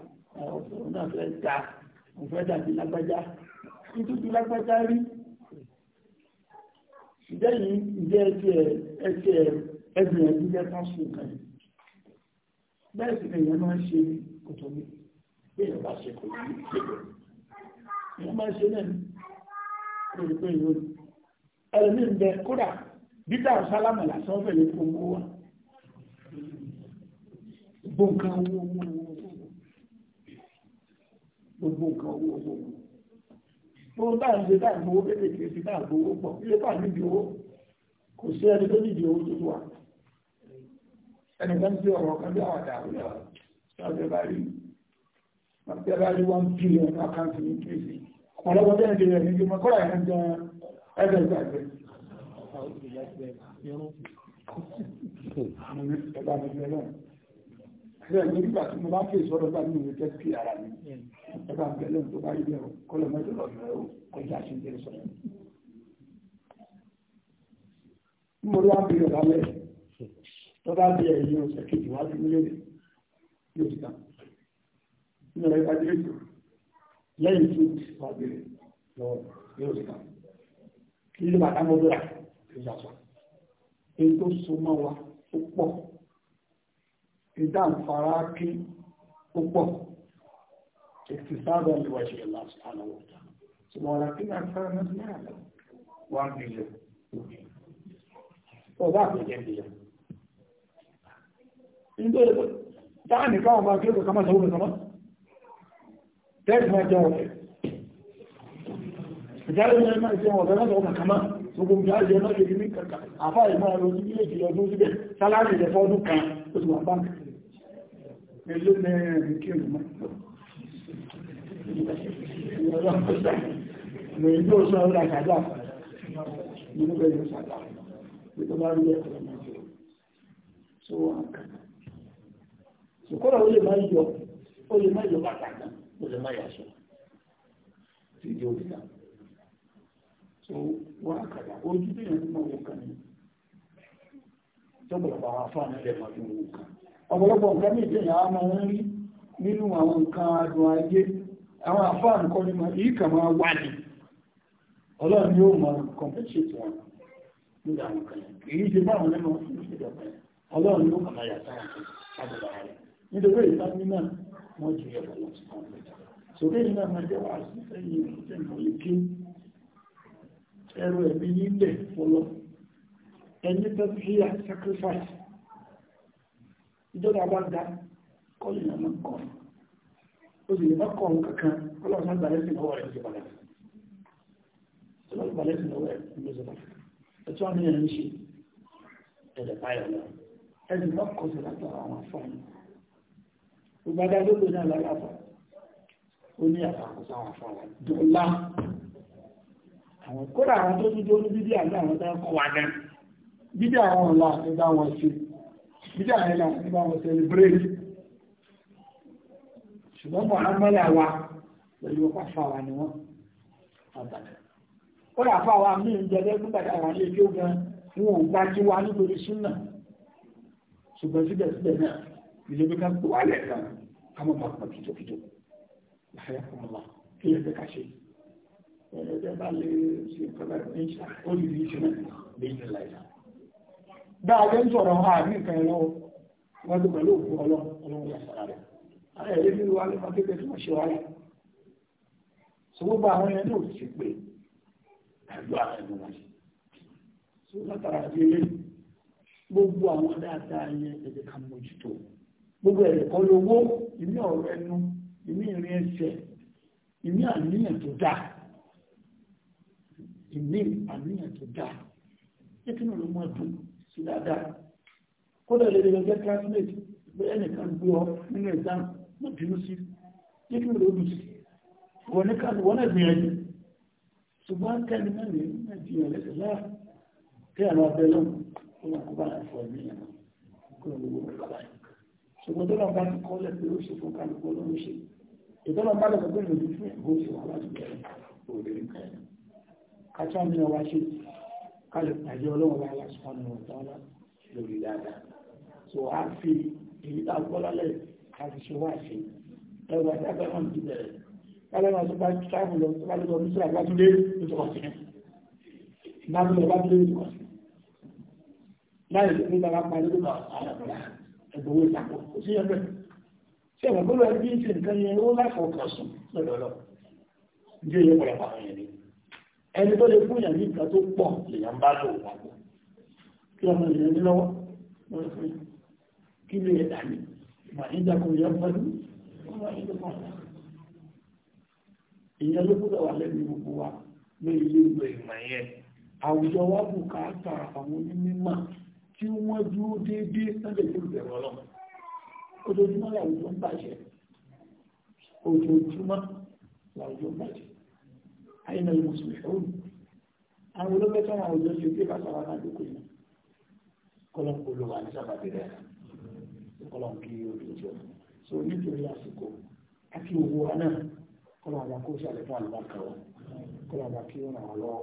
àwọn ọ̀sẹ̀ náà fẹ́ ta òun fẹ́ dàbí lágbájá nítorí lágbájá rí ìdẹ́yìn ìdẹ́ ẹtì ẹgbìn ẹ̀dí lẹ́kàn sí nǹkan yìí bẹ́ẹ̀ sì ni èèyàn máa ń ṣe kòtò mi bí èèyàn bá ṣe kòtò mi ṣègbè èèyàn máa ń ṣe náà lórí pé èèyàn olù ẹlẹ́mí ń bẹ kódà bídà sálámà lásán fẹ̀lẹ́ kó owó gbogbo tá à ń ṣe tá à ń gbowó kéékèèké sí tá à ń gbowó pọ̀ ilé tá à ń níbi owó kò sí ẹni tó níbi owó tó wà ẹni kan tí ọ̀rọ̀ kan bí àwọn àdàrú yà ṣáàbẹ̀ bá rí ṣáàbẹ̀ bá rí one billion àkáǹtì ní kéèsì ọ̀pọ̀lọpọ̀ bẹ́ẹ̀ ṣe rẹ̀ nígbè mọ́ kọ́ra ẹ̀rọ jẹ́ ẹgbẹ́ ìgbàgbẹ́ ẹgbẹ́ ìgbàgbẹ́ náà ẹgbà bẹ̀lẹ̀ tó bá yílẹ̀ ọ̀ kọlọ̀ mẹ́jọ lọ rẹ̀ ó kọjá sí ilé sọ. mo lọ bí ọ̀la lẹ̀ tó bá di ẹ̀yìn ọ̀sẹ̀ kejì wá sí ilé rẹ̀ yóò ti ta nínú ẹ̀rọ ìbájú ètò lẹ́yìn tó ti wá bẹ̀rẹ̀ lọ yóò ti ta kí ló bàtà mọ́ bẹ̀rẹ̀ ló yà sọ. èyí tó so mọ́ wa ó pọ̀ ìdáǹfààrà kí ó pọ̀. اكتسابا لوجه الله سبحانه وتعالى ولكن أكثر الناس ما يعلم وعن بيجي وضعف الجنبية يعني كما ما كده كما تقول كما تسمع جوابك جاء لنا ما يسمع وضعنا تقول كما تقول جاء لنا يجي منك أفا ما يوزي يجي يوزي به سلامي يفوضك تسمع بانك يجب أن يكون Mo ìlú oṣù ọ̀rọ̀ àṣàdá. Mo ní ní tó bá rí ẹ̀kọ́ lọ́mọ jù. Tó wà kan. Ṣùkọ́lá ó lè máa yọ, ó lè máa yọ bàtà ó lè máa yàṣọ. Tí ìjọ òbí náà. Tó wà kàdà, ojú bí ìrìn Ọ̀pọ̀lọpọ̀ nǹkan méjì ni a máa nínú àwọn nǹkan adùn ayé àwọn àfáà nìkan ní máa yìí kàn máa wà ní ọlọ́run yóò máa compensate wọn nígbà àwọn kan yẹn kì í ṣe báwọn lẹ́nu wọn fún ìṣèjọ kan yẹn ọlọ́run yóò kàn máa yà sáwọn kan lábẹ́bà rẹ̀ nítorí ìta ní náà wọ́n ju ẹ̀rọ lọ sí kan lẹ́jà sókè yìí náà máa jẹ́ wà sí ẹ̀yìn ìṣẹ̀mọ̀ ike ẹrù ẹ̀mí nílẹ̀ fọlọ́ ẹni tó fi yà sacrifice ìjọba bá ga kọ́lù náà máa ń kọ́ ó sì lè má kọ̀ ọ́n kankan ọlọ́run náà gbàlẹ́ sí lọ́wọ́ rẹ̀ ló ti padà sí lọ́wọ́ gbàlẹ́ sí lọ́wọ́ rẹ̀ ló ti padà ẹ̀tọ́ àmì ẹ̀ ń ṣe ẹ̀dẹ̀ báyọ̀ lọ ẹ̀dùn má kọ̀ sí látara àwọn afọ́nù gbogbo adájọ́ ló ní àlàyé àfọ́ ó ní àfàkùsọ àwọn afọ́nù dùnlá àwọn kódà àwọn tó ti dúró ní bíbí àgbà àwọn tó ń kọ́ wa gan bíbí àwọn ọ̀la àti bá wọn ṣe bíbí àwọn ẹ̀la ṣùgbọ́n mọ̀ á mọ́lẹ̀ wa pẹ̀lú ọkọ̀ àfàwà ni wọ́n ó rà fáwa mí ń jẹ́ lẹ́gbùn bàtà wà ní ẹjọ́ gan wọn ò tí wá nítorí súnà ṣùgbọ́n síbẹ̀síbẹ̀ náà ilé ká pọ̀ wálẹ̀ kan ká mọ̀ máa pọ̀ kìtòkìtò láyé fún kí lè fẹ́ ká ṣe ẹ̀ẹ́dẹ́ bá lè ṣe ìkọ́lá ìṣà ó lè rí ìṣẹ́ náà bí ilẹ̀ láìsà dáadé ń sọ̀rọ̀ àwọn ẹ̀rí bí wà lọ́mọ pípẹ́ tí wọ́n ṣe wáyé ṣùgbọ́n àwọn ẹni ò sì pé àjọ àwọn ẹni wáyé ṣùgbọ́n látara sí ilé gbogbo àwọn dáadáa yẹn ẹ̀jẹ̀ ká mójútó gbogbo ẹ̀rẹ̀ kan lówó ìní ọ̀rọ̀ ẹnu ìní ìrìn ẹsẹ̀ ìní àníyàn tó dá, ìní àníyàn tó dáa jẹ́ kí nínú mọ́ dùn sí dáadáa kódà lè lè jẹ́ translate pé ẹnìkan gbé ọ nínú ìdáhùn má bínú sí jẹ́ kí ló dùn sí wọ́n ní ká wọ́n náà gbìyànjú ṣùgbọ́n kẹ́ni náà lè ní ìjìyàn lẹ́sẹ̀ láà kí àwọn abẹ́ lọ́nà wọ́n kó bá náà fọ ẹ̀mí yẹn kó lọ gbogbo kàlá ṣùgbọ́n tó lọ́n bá ti kọ́ lẹ́sẹ̀ ó ṣe fún kálukú ọlọ́run ṣe ìtọ́lọ́ bá lọ́sẹ̀ tó lòdì àti ṣe wá ṣe ẹwà ìdájọ́ ti bẹ̀rẹ̀ kálọ́nà tó bá ṣáàbù lọ tó bá lọ ní sílẹ̀ ẹni tó lè fún ìyàní nǹkan tó pọ̀ lèyàn bá lò wà kí ọmọ ìyẹn lọ́wọ́ kí lè dà ní وعندكم يقبل وعندكم ìyẹn ló gbọ́dọ̀ wà lẹ́nu gbogbo wa ní ilé ìwé ìmọ̀ yẹn àwùjọ wa bùkátà àwọn onímọ̀ tí wọ́n dúró déédéé sẹ́lẹ̀ tó bẹ̀rẹ̀ ọlọ́mọ ojoojúmọ́ làwùjọ ń bàjẹ́ ojoojúmọ́ làwùjọ ń bàjẹ́ àyìnà ìmọ̀sùlẹ̀ òun àwọn olóńgbẹ́sọ̀rọ̀ àwùjọ ṣe pé bàtà wa náà dúkùú yìí kọ́lọ́pù ló wà ní sábàbí rẹ̀ kọ́lọ̀ kí olùjọ so nítorí àsìkò àti owó wa náà kọ́lọ̀ àbá kó sàlẹ̀ fún àlùbákan wa kọ́lọ̀ àbá kí ó ràn wá lọ́wọ́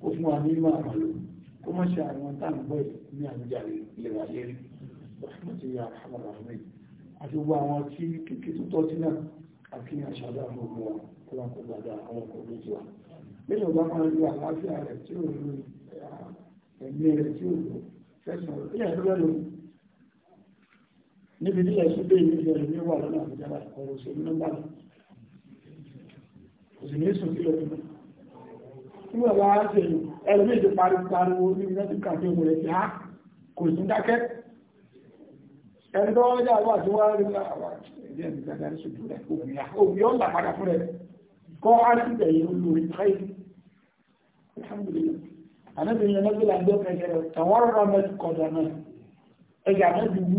kó fún wa ní ìmọ̀ àmàlò kó má ṣe àwọn táǹgbọ́ ní àbújá ilé wa lérí wàhálàtí ya àhàmà ràhùnmí àti gbogbo àwọn tí kéèké tó tọ́jú náà àti àṣàdá gbogbo wa kọ́lọ̀ kó gbàdá àwọn ọkọ̀ lójú wa lẹ́yìn ọba máa ń lo àlàáfíà rẹ̀ tí ó lu ẹ̀mí rẹ̀ tí ó lò fẹ́sàn rẹ̀ níbi tí ẹ̀sùn dé ní ìbẹ̀rẹ̀ ní wà lọ́nà àbújára ọ̀rọ̀ òṣèlú nígbà lọ òṣèlú sùn sí lọ́dún nígbà bá wá ṣe ẹlẹ́mí ìdí pariwo pariwo ní ìrìnàjò kàfé òun rẹ̀ ti há kò sí dákẹ́ ẹni tó wọ́n jà wà tí wọ́n rí nígbà wà ẹ̀dí ẹ̀mí gbàgbà ní ṣojú rẹ̀ òun yà òun yóò là padà fún rẹ̀ kọ́ á sì bẹ̀yẹ olórí táyì alhamdulilayi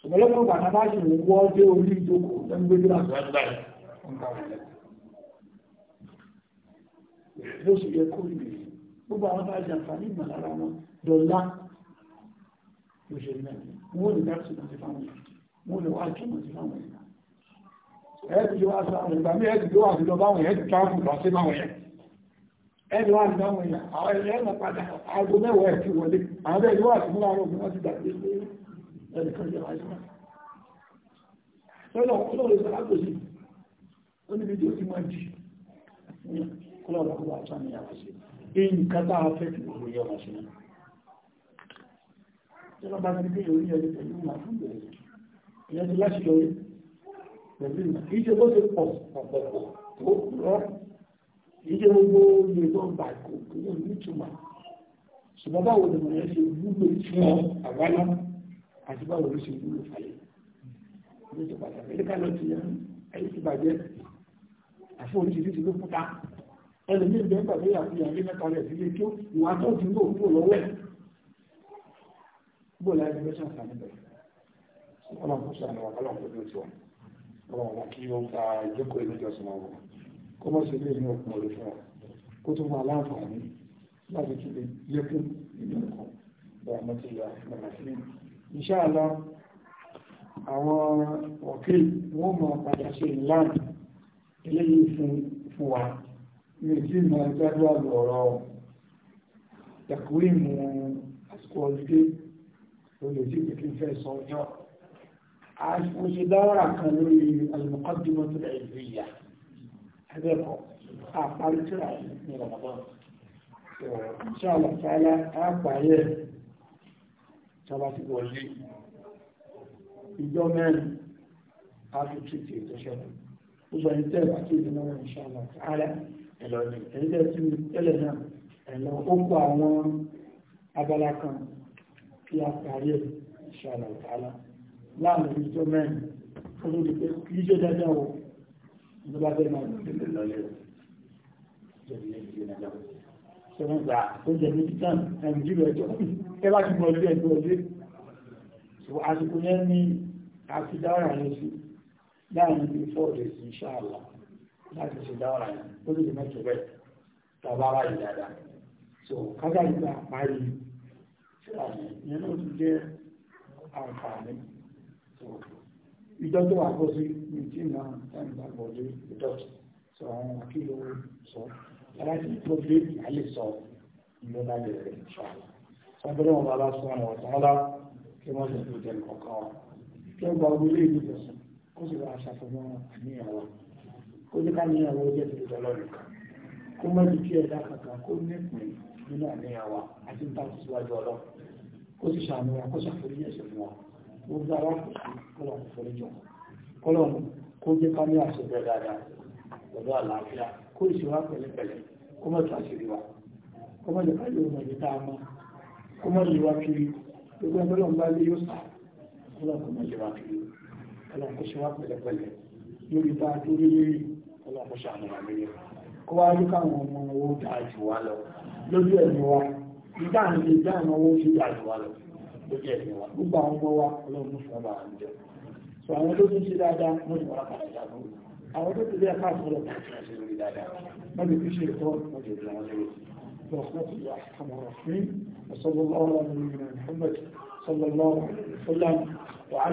ṣùgbọ́n lọ́pọ̀ bàtà bá ṣe wọ́ dé orí ìjókòó lẹ́nu gbégbé àti ẹgbẹ́ yẹ kó lè gbogbo àwọn bá ṣe àǹfààní ìmọ̀ wọn dọ̀lá lóṣèlú náà wọ́n lè dá sí ìmọ̀ fáwọn èèyàn wọ́n lè wá ìtumọ̀ sí fáwọn èèyàn ẹ̀ẹ́dì wá sọ àwọn ìgbà mí ẹ̀ẹ́dì ló wà nílọ báwọn ẹ̀ẹ́dì káàkù lọ sí báwọn yẹn wá nílọ àwọn èèyàn àwọn ẹ̀ẹ́dì padà aago mẹ́wàá ẹ̀ẹ́dì wọlé àwọn ẹ̀ẹ́dì wá sí múlá ọ̀rọ̀ ògùn ti dàgbé ẹni kan jẹ́ àìsàn sọ́lọ́ ọlọ́rọ̀ ìsàlá kò sí ó níbi tí ó ti máa jì ní kọlọ́rọ̀ àwọn àtàmì àwọ̀sí èyí nǹkan tá a fẹ́ fi òru yọ wọn sí náà tẹ́lọ́ bá ní pé orí ẹni pẹ̀lú ìmọ̀ fún bẹ̀rẹ̀ ìyẹn ti láti yọrí pẹ̀lú ìmọ̀ kì í ṣe àti báwo ló ṣe wúlò fàyè ló ṣe pàtàkì ẹni ká lọ ti yan ẹni ti bàjẹ́ àfọ oríṣiríṣi ló kúta ẹlòmíì bẹ́ẹ̀ gbà pé àfihàn ilé mẹ́ta rẹ̀ sílé tó ìwà tó ti ń bò kúrò lọ́wọ́ ẹ̀ bó láyé ló ṣàǹfààní bẹ̀rẹ̀ ọlọ́run kò sànù wà ọlọ́run kò ní oṣù wọn ọlọ́run wà kí ó ta ìjókòó ìlú ìjọsìn wọn wọn kó mọ̀ sí ní ọkùnrin olè fún ọ kó tó máa láǹfààní láti tún lè lékún ìlú ọkọ̀ bẹ́ẹ̀ mọ́tò ìyá mọ̀nà sílẹ̀ Insha Allah àwọn ọ̀kìl wọ́n mọ̀ padà ṣe ìlànà eléyìí fún wa ní ìdí mọ̀ ìjájú àlọ́ ọ̀rọ̀ ìyàkúrí mu àsìkò ọ̀lùdé olè tí kìkì fẹ́ sọ ọjọ́ mo ṣe dáwọ́rà kan lórí alùmọ̀kọ́dúnmọ́ tó dẹ̀ ìlú ìyá ẹgbẹ́kọ̀ àparí tíra ní ọ̀rọ̀ náà Insha tọ́ba ti wọlé ìjọ mẹ́rin a fi tìtì ètò ṣẹlẹ̀ ó sọ yìí tẹ́lẹ̀ àti ìdènà wọn ìṣàlọ̀ ààrẹ ẹ̀lọ́ ni ẹ̀yìn tẹ́lẹ̀ tí tẹ́lẹ̀ náà ẹ̀lọ́ ó kọ àwọn abala kan kí a parí ẹ̀ ìṣàlọ̀ ààrẹ láàrin ìjọ mẹ́rin ó tún di pé kì í ṣe o ìjọba bẹ́ẹ̀ máa lè lọ́lẹ̀ ìjọba ìjọba ìjọba ìjọba ìjọba ìjọba ìjọba ẹ bá ti mọ̀ ilé ẹgbẹ́ ọdẹ àsìkò yẹn ní àti dára yẹn sí láàrin bí fọ́ọ̀dẹ̀ sí ṣáàlà láti ṣe dára yẹn ó lè mẹ́tò rẹ̀ tàbá ara yìí dáadáa so kájà ìgbà parí ìyẹn náà ti jẹ́ àǹfààní ìjọ tó wà kó sí ní tí ìmọ̀ táìmù bá gbọ́ lé ìdọ̀tí sọ àwọn akílò sọ aláìsí tó gbé sọ ìmọ̀lá rẹ̀ ṣáàlà sọ́dọ́rọ́ wọn bàbá sọ ọ̀rọ̀ ọ̀tọ́lá kí wọ́n sì fún ìjẹun kọ̀ọ̀kan wa kí ó gba orílẹ̀ èdè ìjọsìn kó sì wá aṣàfihàn àníyàn wa kó ní ká níyàn wa ó jẹ́ tèmi lọ́lọ́ nìkan kó má di kí ẹ̀dá kankan kó nípìn nínú àníyàn wa àti nípa tẹ̀síwájú ọlọ́ kó sì ṣàánú wa kó ṣàforíjì ẹ̀ṣẹ̀ fún wa gbogbo ara kò sí kọ́lọ̀ kò foríjì wọn kọ́lọ̀ kó jẹ́ ká ní àṣẹ bẹ́ẹ̀ dáadáa pẹ̀lú àlàáfíà kó ìṣèwà pẹ̀lẹ́pẹ̀lẹ́ kó àṣírí wa kó mọ̀ lè ká lè kó mọ́ lè wá kiri gbogbo ẹgbẹ́ lọ́nà bá lé yóò sà ọlọ́run kó mọ́ lè wá kiri ọlọ́run kó ṣe wá pẹ̀lẹ́pẹ̀lẹ́ lórí bá a tó rí lórí ọlọ́run kó ṣe àwọn àmì yẹn kó wá rí káwọn ọmọ owó dáa jù wá lọ lójú ẹ̀mí wa ìdá àwọn ìdá àwọn owó ṣe dáa jù wá lọ lójú ẹ̀mí wa gbogbo àwọn ọmọ wa ọlọ́run ló fún ọba àwọn jẹ sọ àwọn tó tún ṣe dáadáa wọ́n ti wá àwọn tó tún lé ẹ̀ka àfọlọ́pàá ti ṣe lórí dáadáa wọ́n ti fi ṣe ìtọ́ wọ́n ti fi wọn lórí برحمته الله أرحم الراحمين وصلى الله على نبينا محمد صلى الله عليه وسلم